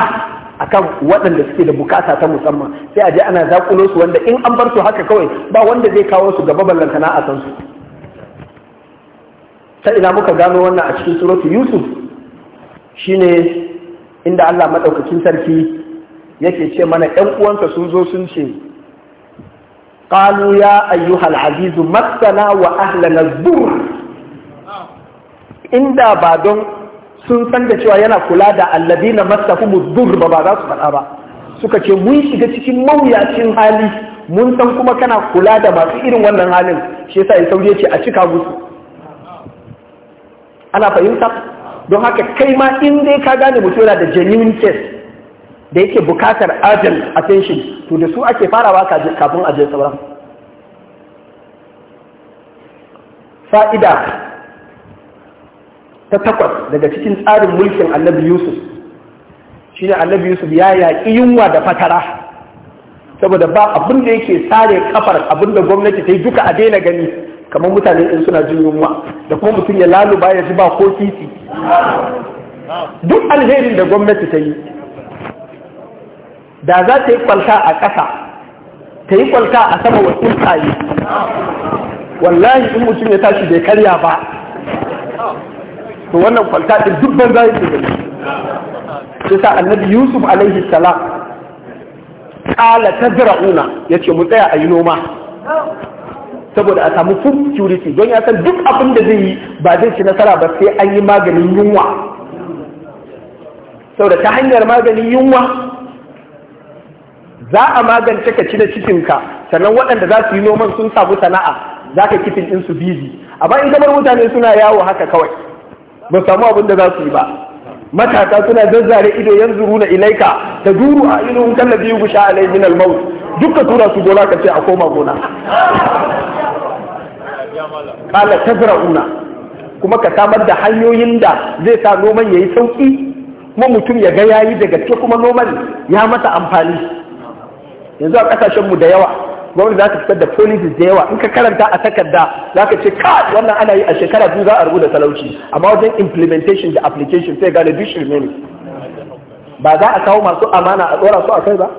akan waɗanda suke da bukata ta musamman sai a je ana zakulo su wanda in an bar su haka kawai ba wanda zai kawo su gaba ballantana a san su ta ina muka gano wannan a cikin suratu yusuf shine inda allah madaukakin sarki yake ce mana ‘yan uwansa sun zo sun ce ƙalu ya ayyuhal azizu masana wa ahlana zur inda ba don sun san da cewa yana kula da alladina kuma durra ba za su faɗa ba suka ce mun shiga cikin mawuyacin hali mun san kuma kana kula da masu irin wannan halin shi yasa ya sauje ce a cika musu ana fahimta don haka kai ma in dai ka gane mutum yana da genuine case da yake bukatar urgent attention to da su ake farawa kafin a je sauran fa'ida ta takwas daga cikin tsarin mulkin annabi yusuf shi ne annabi yusuf ya yaƙi yunwa da fatara saboda ba abin da yake sare kafar abin da gwamnati ta yi duka a daina gani kamar mutane in suna jin yunwa da kuma mutum ya laluba ya ji ba ko titi duk alherin da gwamnati ta yi da za ta yi kwalta a ƙasa ta yi kwalta a sama wa tsuntsaye wallahi in mutum ya tashi bai karya ba to wannan kwalta din duk banza yake da shi sa annabi yusuf alaihi salam kala tazra'una yace mu tsaya a yi noma saboda a samu food security don ya san duk abin da zai yi ba zai ci nasara ba sai an yi maganin yunwa saboda ta hanyar maganin yunwa za a magance ka ci da cikinka sannan waɗanda za su yi noman sun samu sana'a za ka kifin ɗinsu bizi amma in kamar mutane suna yawo haka kawai ba samu abin da za su yi ba matasa suna zazzare ido yanzu runa ilaika ta duru a ilu kallabi biyu alai min al dukka duka tura su gona ka ce a koma gona kala una kuma ka samar da hanyoyin da zai sa noman yayi sauki kuma mutum ya ga yayi daga gaske kuma noman ya masa amfani yanzu a kasashen mu da yawa gwamnati za ta fitar da policies da yawa in ka karanta a takarda za ka ce ka wannan ana yi a shekara biyu za a rubuta talauci amma wajen implementation da application sai gane duk shirme ne ba za a kawo masu amana a tsora su a kai ba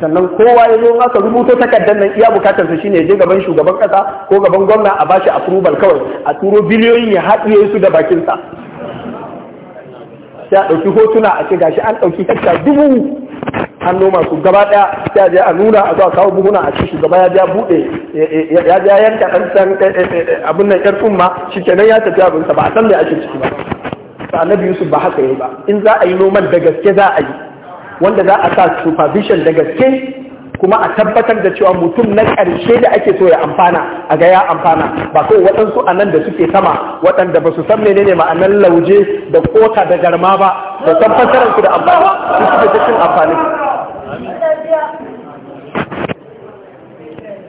sannan kowa ya zo aka rubuta takardar nan iya bukatar sa shine je gaban shugaban kasa ko gaban gwamna a bashi approval kawai a turo biliyoyin ya haɗiye su da bakin sa sai a ɗauki hotuna a ce gashi an ɗauki hekta dubu an noma su gaba ɗaya sai a je a nuna a zuwa kawo buhuna a ci shugaba ya ja buɗe ya ja yanka ɗan san eh, eh, eh, abin nan ƴar umma shi kenan ya tafi sa ba a san me ake ciki ba to annabi yusuf ba haka yayi ba in za a yi noman da gaske za a yi wanda za a sa supervision da gaske kuma a tabbatar da cewa mutum na ƙarshe da ake so ya amfana a ga ya amfana ba kai waɗansu a nan da suke sama waɗanda ba su san menene ma'anar lauje da kota da garma ba da san da amfani su suke da cin amfani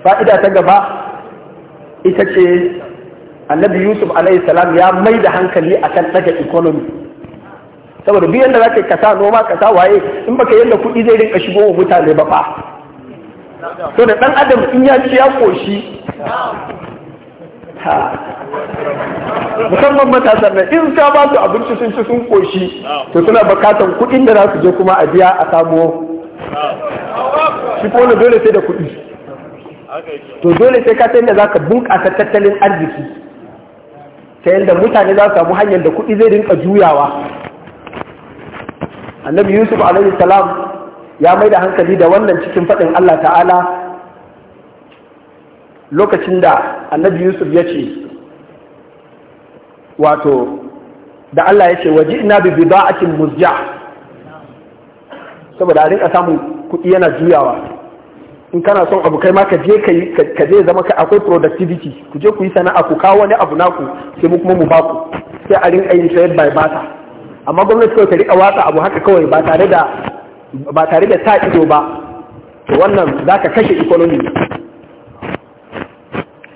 fa'ida ta gaba ita ce annabi yusuf alaihi salam ya mai da hankali akan ɗaga economy saboda biyan da za ka kasa noma kasa waye in baka yadda kuɗi zai rinka shigo wa mutane ba fa to da dan adam in ya ci ya koshi musamman matasa na in ka ba su abinci sun ci sun koshi to suna bukatan kuɗin da za su je kuma a biya a samu shi kone dole sai da kuɗi to dole sai ka san da za ka bunƙasa tattalin arziki ta yadda mutane za su samu hanyar da kuɗi zai rinka juyawa annabi yusuf alaihi salam ya mai da hankali da wannan cikin faɗin Allah ta'ala lokacin da annabi yusuf ya ce wato da Allah ya ce waje ina bi bida'atin muzja saboda a rinka samun kuɗi yana juyawa in kana son abu kai ma ka je ka je zama ka akwai productivity ku je ku yi sana'a ku kawo wani abu naku sai mu kuma mu baku sai a rinka yin trade by barter amma gwamnati kawai ta rika watsa abu haka kawai ba tare da ba tare da sa ido ba to wannan za ka kashe ikonomi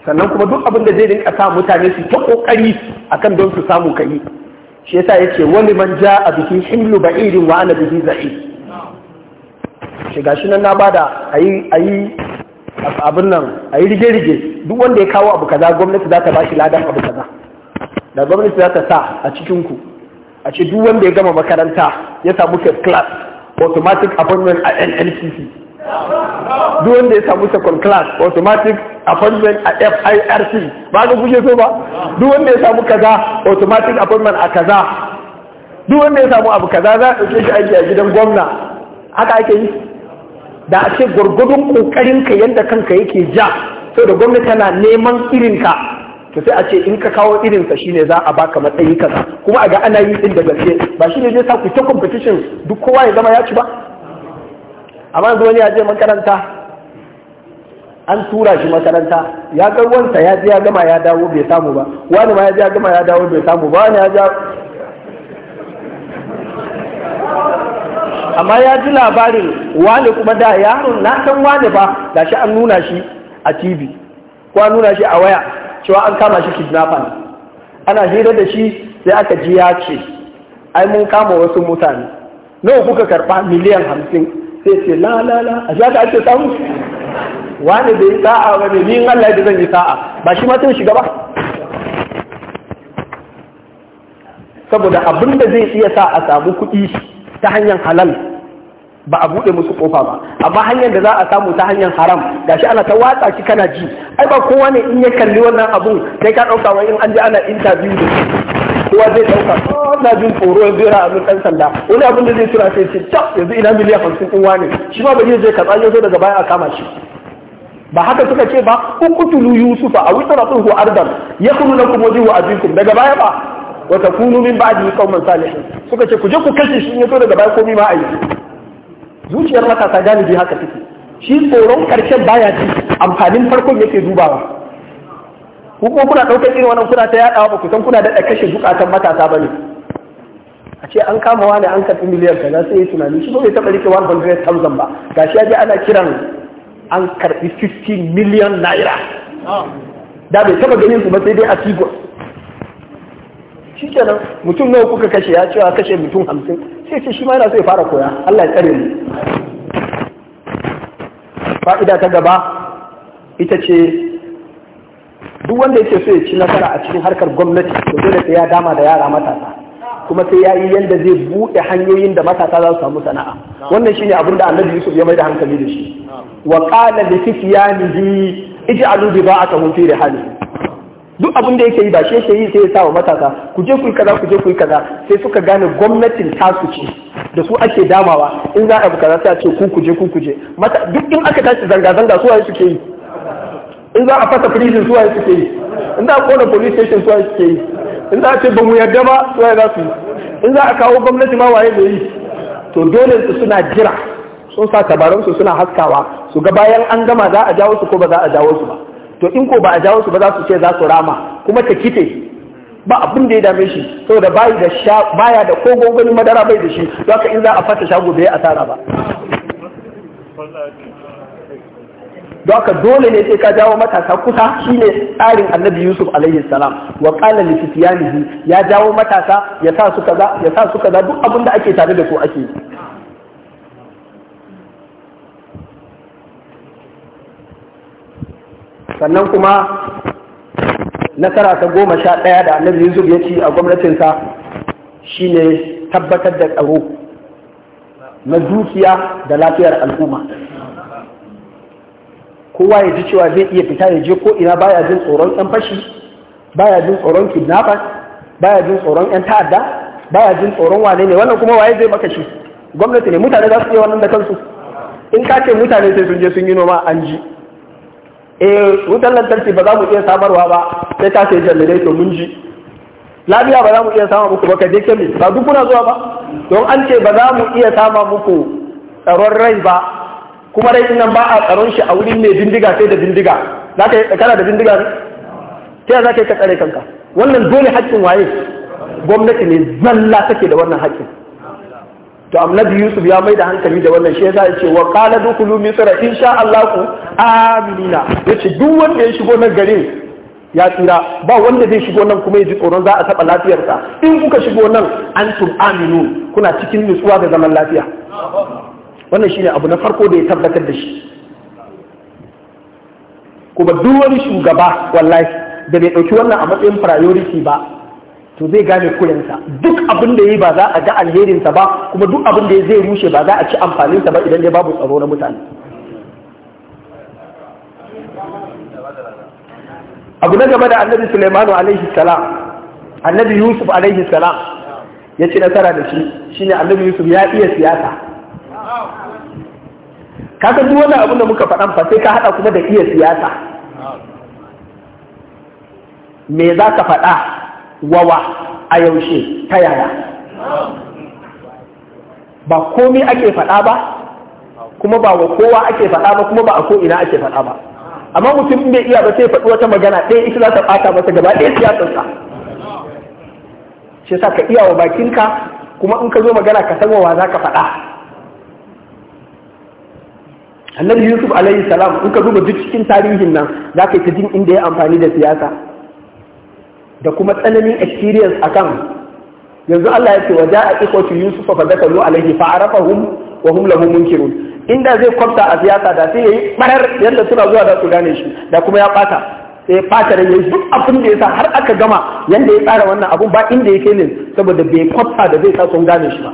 sannan kuma duk abin da zai dinka sa mutane su ta kokari akan don su samu kai shi yasa yace wani man ja a bihi himlu ba'irin wa ana bihi za'i shi nan na bada ayi ayi abin nan ayi rige rige duk wanda ya kawo abu kaza gwamnati za ta bashi ladan abu kaza da gwamnati za ta sa a cikin ku a ce duk wanda ya gama makaranta ya samu first class automatic appointment a NNCC duk wanda ya samu second class automatic appointment a FIRC ba ga kuke so ba duk wanda ya samu kaza automatic appointment a kaza duk wanda ya samu abu kaza za a ɗauke shi aiki a gidan gwamna haka ake yi da a ce gwargwadon kokarin ka yadda kanka yake ja sau da gwamna tana neman irinka to sai a ce in ka kawo irin sa shine za a baka matsayi kaza kuma a ga ana yi din da gaske ba shine zai sa ku ta competition duk kowa ya zama ya ci ba amma yanzu wani ya je makaranta an tura shi makaranta ya ga ya je ya gama ya dawo bai samu ba wani ma ya je ya gama ya dawo bai samu ba wani ya je amma ya ji labarin wani kuma da yaron na san wani ba gashi an nuna shi a TV ko an nuna shi a waya cewa an kama shi kidnapper ana hira da shi sai aka ji ya ce ai mun kama wasu mutane nawa kuka karba miliyan hamsin sai ce la la la a shi ake samu wani da yi sa'a wani ni Allah da zan yi sa'a ba shi ma sai shiga ba saboda abin da zai iya sa a samu kuɗi ta hanyar halal ba a buɗe musu kofa ba amma hanyar da za a samu ta hanyar haram shi ana ta watsa shi kana ji ai ba kowa ne in ya kalli wannan abun sai ka ɗauka wa in an ji ana interview da shi kowa zai ɗauka oh, na jin tsoro yanzu yana a ɗan sanda wani abin da zai tura sai ce ta yanzu ina miliyan hamsin ɗin wane shi ma ba zai je karɓa yanzu daga baya a kama shi ba haka suka ce ba kutulu yusufa abin itratuhu ardan kuma lakum wajhu abikum daga baya ba wata kunu min ba'di qauman salihin suka ce ku je ku kashe shi in yato daga baya komai ma ayi zuciyar matasa galibi haka take shi tsoron karshen baya ci amfanin farkon yake dubawa ko kuna ɗaukar irin wannan kuna ta yaɗawa ba kusan kuna daɗa kashe zukatan matasa ba ne a ce an kama wani an karɓi miliyan kaza sai ya tunani shi ba bai taɓa rike 100,000 ba gashi ya ana kiran an karɓi 50 miliyan naira da bai taɓa ganin su ba sai dai a sigos shi kenan mutum nawa kuka kashe ya cewa kashe mutum hamsin sai ce shi ma yana so ya fara koya Allah ya tsare mu fa'ida ta gaba ita ce duk wanda yake so ya ci nasara a cikin harkar gwamnati to dole sai ya dama da yara matasa kuma sai ya yi yadda zai buɗe hanyoyin da matasa za su samu sana'a wannan shine abin da annabi yusuf ya mai da hankali da shi wa qala li ba ij'alu bida'atahum fi rihali duk abin da yake yi ba shi yi sai ya sa wa matasa ku je ku yi kaza ku je ku yi kaza sai suka gane gwamnatin tasu ce da su ake damawa in za a bukata kaza sai a ce ku ku je ku ku je mata duk in aka tashi zanga zanga su waye suke yi in za a fasa prison su waye suke yi in za a kona police station su waye suke yi in za a ce ba mu yarda ba su waye za su yi in za a kawo gwamnati ma waye zai yi to dole su suna jira sun sa tabaransu suna haskawa su ga bayan an gama za a jawo su ko ba za a jawo su ba to in ko ba a jawo su ba za su ce za su rama kuma ta kite ba abin da ya dame shi saboda bayi da sha baya da ko gongonin madara bai da shi to haka in za a fata shago bai asara ba don haka dole ne sai ka jawo matasa kusa shine tsarin annabi yusuf alaihi salam wa qala li ya jawo matasa ya sa su kaza duk abin da ake tare da su ake yi sannan kuma nasara ta goma sha ɗaya da annabi yusuf ya ci a gwamnatinsa shine tabbatar da tsaro na dukiya da lafiyar al'umma kowa ya ji cewa zai iya fita ya je ko ina baya jin tsoron yan fashi baya jin tsoron kidnapper baya jin tsoron yan ta'adda baya jin tsoron wane ne wannan kuma waye zai maka shi gwamnati ne mutane za su iya wannan da kansu in ka ce mutane sai sun je sun yi noma an ji eh wutar lantarki ba za mu iya samarwa ba sai ta sai to mun ji lafiya ba za mu iya sama muku ba ka je kemi ba duk kuna zuwa ba don an ce ba za mu iya sama muku tsaron rai ba kuma rai nan ba a tsaron shi a wurin mai bindiga sai da bindiga za ka yi kana da bindiga ne ta yaya za ka yi ka tsare kanka wannan dole haƙƙin waye gwamnati ne zalla take da wannan haƙƙin to annabi yusuf ya mai da hankali da wannan shi ya ce wa qala dukulu misra insha Allah ku Amina, yace duk wanda ya shigo nan gare ya tsira ba wanda zai shigo nan kuma ya ji tsoron za a taba lafiyarsa in kuka shigo nan antum aminu kuna cikin nutsuwa da zaman lafiya wannan shine abu na farko da ya tabbatar da shi kuma duk wani shugaba wallahi da bai dauki wannan a matsayin priority ba to zai gane kuyansa duk abin da yi ba za a ga alherinsa ba kuma duk abin da zai rushe ba za a ci amfaninsa ba idan ya babu tsaro na mutane abu na gaba da annabi sulaimanu alaihi salam annabi yusuf alaihi salam ya ci nasara da shi shine annabi yusuf ya iya siyasa ka san duk wannan abin da muka faɗan fa sai ka haɗa kuma da iya siyasa me za ka faɗa wawa a yaushe ta yaya ba komai ake faɗa ba kuma ba wa kowa ake faɗa ba kuma ba a ko'ina ake faɗa ba amma mutum bai iya ba sai faɗi wata magana ɗaya ita za ta ɓata masa gaba ɗaya siyasarsa shi sa ka iya wa bakinka kuma in ka zo magana ka san wa za ka faɗa annabi yusuf alayhi salam in ka duba duk cikin tarihin nan za ka yi ta jin inda ya amfani da siyasa da kuma tsananin experience a kan yanzu Allah ya ce wa ja'a ikwatu yusufa fa dakalu alaihi fa arafahum wa hum lahu munkirun inda zai kwafta a siyasa da sai yayi barar yadda suna zuwa da su gane shi da kuma ya fata sai fata da yayi duk abin da ya sa har aka gama yanda ya tsara wannan abun ba inda yake ne saboda bai kwafta da zai sa sun gane shi ba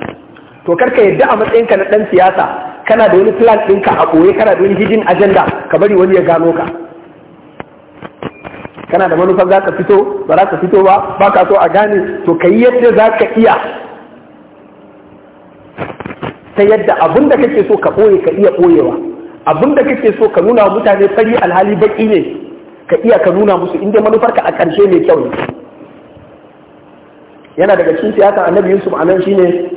to karka yadda a matsayin ka na dan siyasa kana da wani plan ɗinka a ɓoye kana da wani hidden agenda ka bari wani ya gano ka kana da manufar za ka fito ba za ka fito ba ba ka so a gane to ka yi yadda za ka iya ta yadda abin da kake so ka ɓoye ka iya ɓoyewa abin da kake so ka nuna mutane fari alhali baƙi ne ka iya ka nuna musu inda manufarka a ƙarshe mai kyau yana daga cikin siyasa annabi yusuf anan shine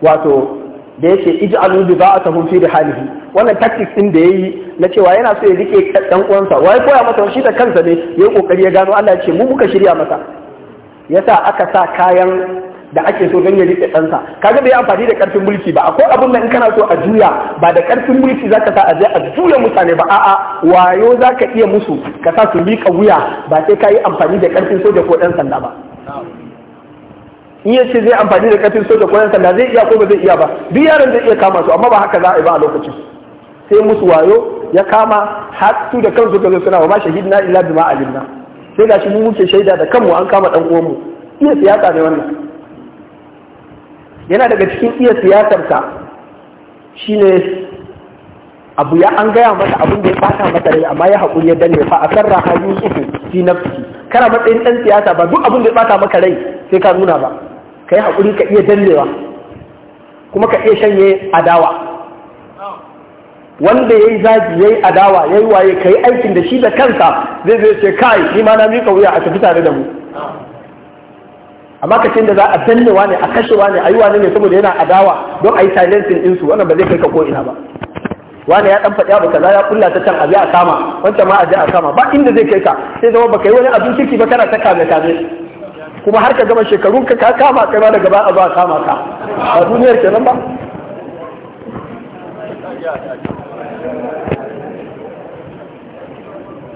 wato da yake iji za a ba'atuhum fi halihi. wannan taktik din da ya yi na cewa yana so ya rike dan uwansa wai koya masa shi da kansa ne Ya yi ƙoƙari ya gano Allah ya ce mu muka shirya masa yasa aka sa kayan da ake so don ya rike ɗansa kaga bai amfani da ƙarfin mulki ba akwai abin da in kana so a juya ba da ƙarfin mulki zaka sa a je a juya mutane ba a'a wayo zaka iya musu ka sa su miƙa wuya ba sai ka yi amfani da ƙarfin soja ko ɗan sanda ba in ya ce zai amfani da kafin soja ko sanda zai iya ko ba zai iya ba duk yaron zai iya kama su amma ba haka za a yi ba a lokacin sai musu wayo ya kama har su da kansu ga suna wa ma shahidna illa bima alimna sai gashi mu muke shaida da kanmu an kama dan uwanmu iya siyasa ne wannan yana daga cikin iya siyasarsa shine abu ya an gaya masa abin da ya fata masa rai amma ya haƙuri ya danne fa asarra ha yusufu fi nafsi kana matsayin dan siyasa ba duk abin da ya fata maka rai sai ka nuna ba ka yi haƙuri ka iya dannewa kuma ka iya shanye adawa wanda ya yi zagi ya yi adawa ya yi waye ka yi aikin da shi da kansa zai zai ce kai ni ma na miƙa wuya a tafi tare da mu amma kashin da za a dannewa ne a kashewa ne a yi wani ne saboda yana adawa don a yi silencing ɗinsu wannan ba zai kai ka ko ina ba wani ya dan faɗi abu kaza ya kulla ta can abi a kama wancan ma a je a kama ba inda zai kai ka sai zama baka yi wani abin kirki ba kana ta kame kame kuma har ka gama shekarun ka kama kai ma daga ba a zuwa kama ka a duniyar ke nan ba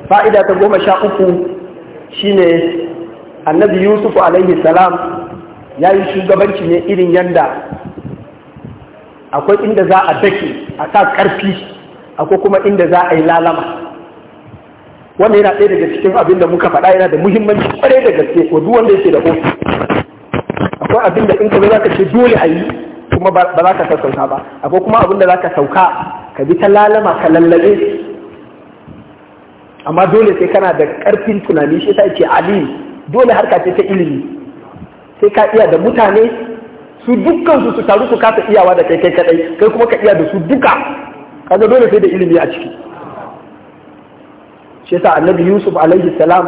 fa'ida ta goma sha uku shine annabi yusuf alaihi salam ya yi shugabanci ne irin yanda akwai inda za a dake a sa ƙarfi akwai kuma inda za a yi lalama wannan yana ɗaya daga cikin abin da muka faɗa yana da muhimmanci ƙwarai da gaske ko duk wanda yake da ofis akwai abin da in ka zo zaka ce dole a yi kuma ba za ka sassauta ba akwai kuma abin da za ka sauka ka bi ta lalama ka lallabe amma dole sai kana da ƙarfin tunani shi sai ce alim dole harka ce ta ilimi sai ka iya da mutane su dukkan su su taru su kasa iyawa da kai kai kadai kai kuma ka iya da su duka kaga dole sai da ilimi a ciki shi yasa annabi yusuf alaihi salam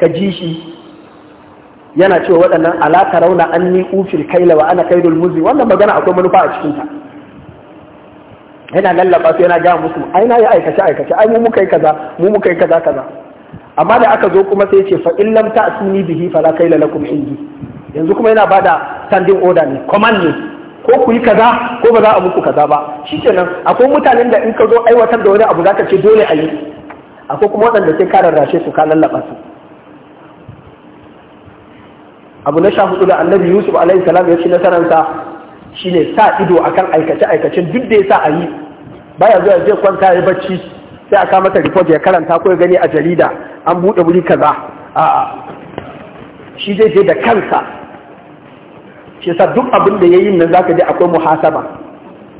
ka ji shi yana cewa waɗannan alaka rauna an ni ufir kaila wa ana kaidul muzi wannan magana akwai manufa a cikinta yana lallaba su yana gaya musu ai na yi aikace aikace ai mu muka yi kaza mu muka yi kaza kaza amma da aka zo kuma sai ce fa in lam ta'suni bihi fala kaila lakum indi yanzu kuma yana bada standing order ne command ne ko ku yi kaza ko ba za a muku kaza ba shikenan akwai mutanen da in ka zo aiwatar da wani abu zaka ce dole a yi akwai kuma waɗanda sai ka rarrashe su ka lallaba su abu na sha hudu da annabi yusuf alaihi salam ya ci nasararsa shine sa ido akan aikace aikacen duk da ya sa a yi baya zuwa zai kwanta ya bacci sai aka mata report ya karanta ko ya gani a jarida an buɗe wuri kaza a shi zai je da kansa shi sa duk abin da ya yi nan zaka je akwai muhasaba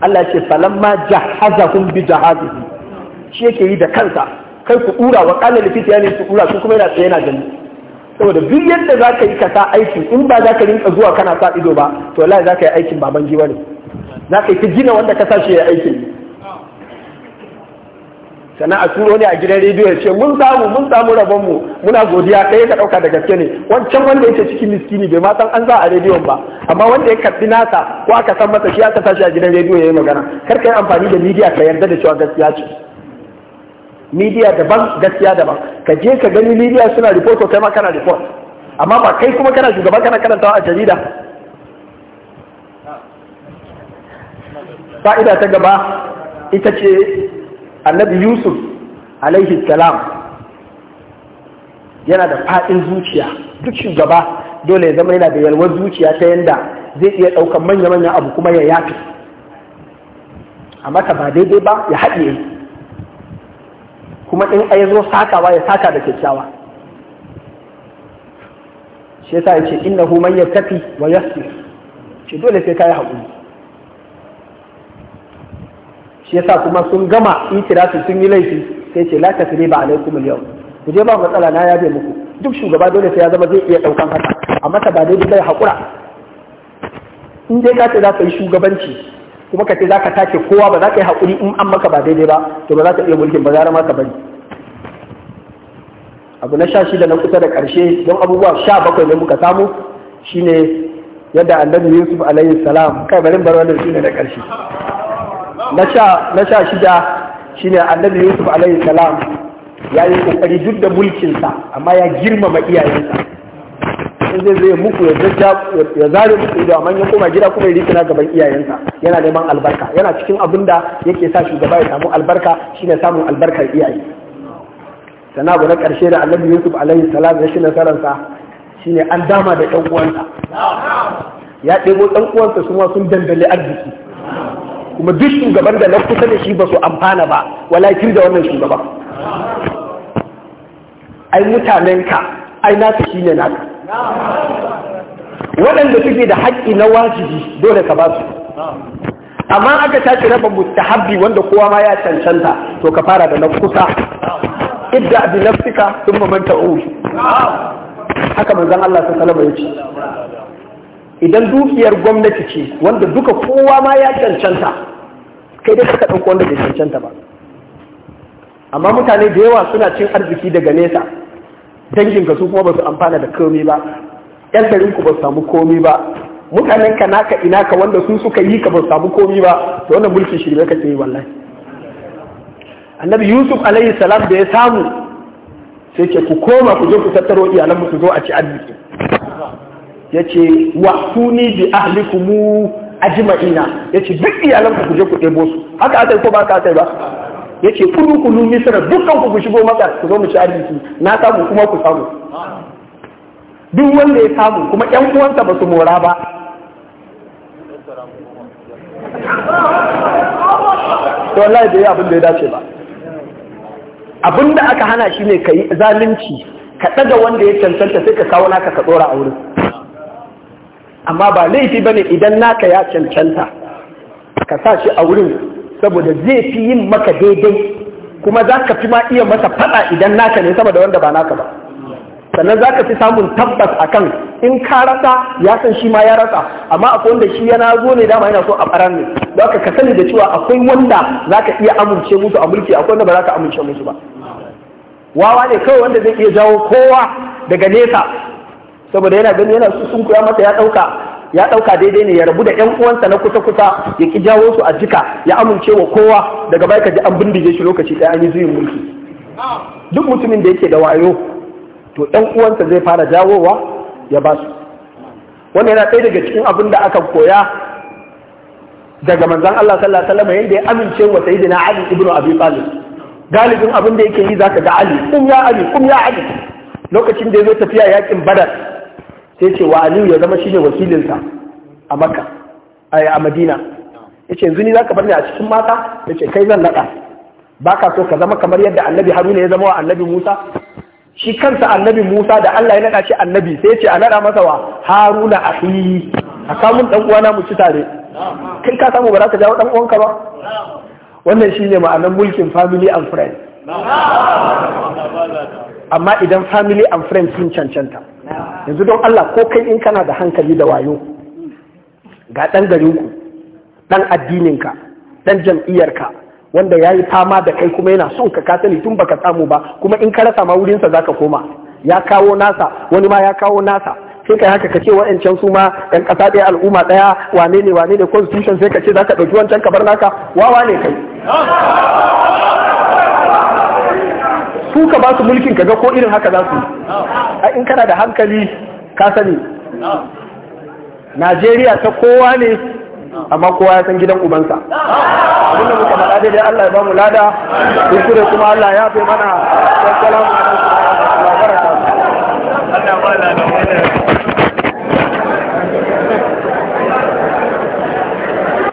Allah ce falamma jahazahum bi jahazihi shi yake yi da kansa kai ku dura wa kala likita ya ne ku dura su kuma yana tsaye yana gani saboda duk yadda za ka yi ka sa aikin in ba za ka rinka zuwa kana sa ido ba to wallahi za ka yi aikin baban giwa ne za ka yi ta gina wanda ka sa shi ya aikin sannan a turo ne a gidan rediyo ya ce mun samu mun samu rabonmu muna godiya kai ka ɗauka da gaske ne wancan wanda yake cikin miskini bai ma san an za a rediyon ba amma wanda ya karbi nasa ko aka san masa shi aka shi a gidan rediyo ya yi magana kar ka yi amfani da midiya ka yarda da cewa gaskiya ce media daban gaskiya daban ka je ka gani media suna report kai ma kana report amma ba kai kuma kana shugaba kana karantawa a jarida fa'ida ta gaba ita ce annabi yusuf alaihi salam yana da fa'in zuciya duk shugaba dole ya zama yana da yalwar zuciya ta yanda zai iya ɗaukar manya-manyan abu kuma ya yafi a ta ba daidai ba ya haɗe kuma in a zo sakawa ya saka da kyakkyawa shi yasa inna human man tafi wa yassir shi dole sai kayi haƙuri shi yasa kuma sun gama itirafi sun yi laifi sai ce la tafi ba alaikum al-yawm ku je ba matsala na yabe muku duk shugaba dole sai ya zama zai iya daukan haka amma ta ba dai kai haƙura. in dai ka ce za ka yi shugabanci kuma ka ce za ka tace kowa ba za ka yi haƙuri in an maka ba daidai ba to ba za ka iya mulkin ba za ka bari abu na sha shida na kusa da ƙarshe don abubuwa sha bakwai ne muka samu shine yadda annabi yusuf alayhi salam kai barin bar wannan shine na ƙarshe na sha shida shine annabi yusuf alayhi salam ya yi ƙoƙari duk da mulkinsa amma ya girmama iyayensa in zai zai muku ya jajja ya zare muku ido amma ya koma gida kuma ya rikina gaban iyayensa yana neman albarka yana cikin abin da yake sa shugaba ya samu albarka shine samun albarkar iyaye sana abu na karshe da annabi yusuf alaihi salam ya shi nasararsa shine an dama da ɗan uwansa ya ɗebo ɗan uwansa su sun dandale arziki kuma duk shugaban da na kusa da shi ba su amfana ba walakin da wannan shugaban ai mutanenka ai nasu shine naka waɗanda suke da haƙƙi na wajibi dole ka ba su amma aka tashi raba mustahabbi wanda kowa ma ya cancanta to ka fara da na kusa idda bi nafsika sun mamanta ta'ud haka manzon Allah ta salama ya ce idan dukiyar gwamnati ce wanda duka kowa ma ya cancanta kai dai ka ɗauko wanda bai cancanta ba amma mutane da yawa suna cin arziki daga nesa dangin ka su kuma ba su amfana da komi ba yan garin ku ba su samu komi ba mutanen ka naka ina ka wanda su suka yi ka ba su samu komi ba to wannan mulki shirme ka yi wallahi annabi yusuf alaihi salam da ya samu sai ce ku koma ku je ku tattaro iyalan su zo a ci arziki ya ce wa suni bi ahlikumu ajma'ina ya ce duk iyalan ku je ku ɗebo su haka aka yi ko ba ka aka yi ba yace kudu kudu misira dukkan ku ku shigo makar ku zo mu ci arziki na samu kuma ku samu duk wanda ya samu kuma yan uwansa ba su mora ba to wallahi bai abin da ya dace ba abin da aka hana shi ne ka yi zalunci ka ɗaga wanda ya cancanta sai ka kawo naka ka tsora a wurin amma ba laifi ba ne idan naka ya cancanta ka sa shi a wurin saboda zai fi yin maka daidai kuma za ka fi ma iya masa faɗa idan naka ne saboda wanda ba naka ba sannan za ka fi samun tabbas a kan in ka rasa ya san shi ma ya rasa amma akwai wanda shi yana zo ne dama yana so a ɓaran ne don ka sani da cewa akwai wanda za ka iya amince musu a mulki akwai wanda ba za ka amince musu ba wawa ne kawai wanda zai iya jawo kowa daga nesa saboda yana gani yana sun kuya masa ya ɗauka ya ɗauka daidai ne ya rabu da ƴan uwansa na kusa kusa ya ki jawo su a jika ya amince wa kowa daga baya ji an bindige shi lokaci ɗaya an yi zuyin mulki duk mutumin da yake da wayo to ɗan uwansa zai fara jawowa ya ba su wannan yana ɗaya daga cikin abin da aka koya daga manzon Allah sallallahu alaihi wasallam yanda ya amince wa sayyidina Ali Ibn Abi Talib galibin abin da yake yi zaka ga Ali kum ya Ali kum ya Ali lokacin da ya zo tafiya yakin Badar sai ce wa aliyu ya zama shine wakilinsa a makka a madina ya ce yanzu za ka bar ni a cikin mata ya ce kai zan naɗa ba ka so ka zama kamar yadda annabi haruna ya zama wa annabi musa shi kansa annabi musa da allah ya naɗa shi annabi sai ce a naɗa masa wa haruna a fi a samun ɗan uwana mu ci tare kai ka samu ba za ka jawo ɗan uwanka ba wannan shine ma'anar mulkin family and friends amma idan family and friends sun cancanta yanzu don Allah ko kai in kana da hankali da wayo ga ɗan garinku ɗan addininka ɗan jam'iyyarka wanda ya yi fama da kai kuma yana son ka kasani tun baka samu ba kuma in ka rasa ma wurinsa za ka koma ya kawo nasa wani ma ya kawo nasa sai ka haka ka ce wa'ancan su ma ɗan ƙasa ɗaya al'umma ɗaya wane ne wane ne constitution sai ka ce za ka ɗauki wancan kabar naka wawa ne kai su ka ba su mulkin ka ga ko irin haka za su A in kana da hankali ka sani Najeriya ta kowa ne amma kowa ya san gidan ubansa abinda muka faɗa daidai Allah ya ba mu lada kure kuma Allah ya fi mana salamu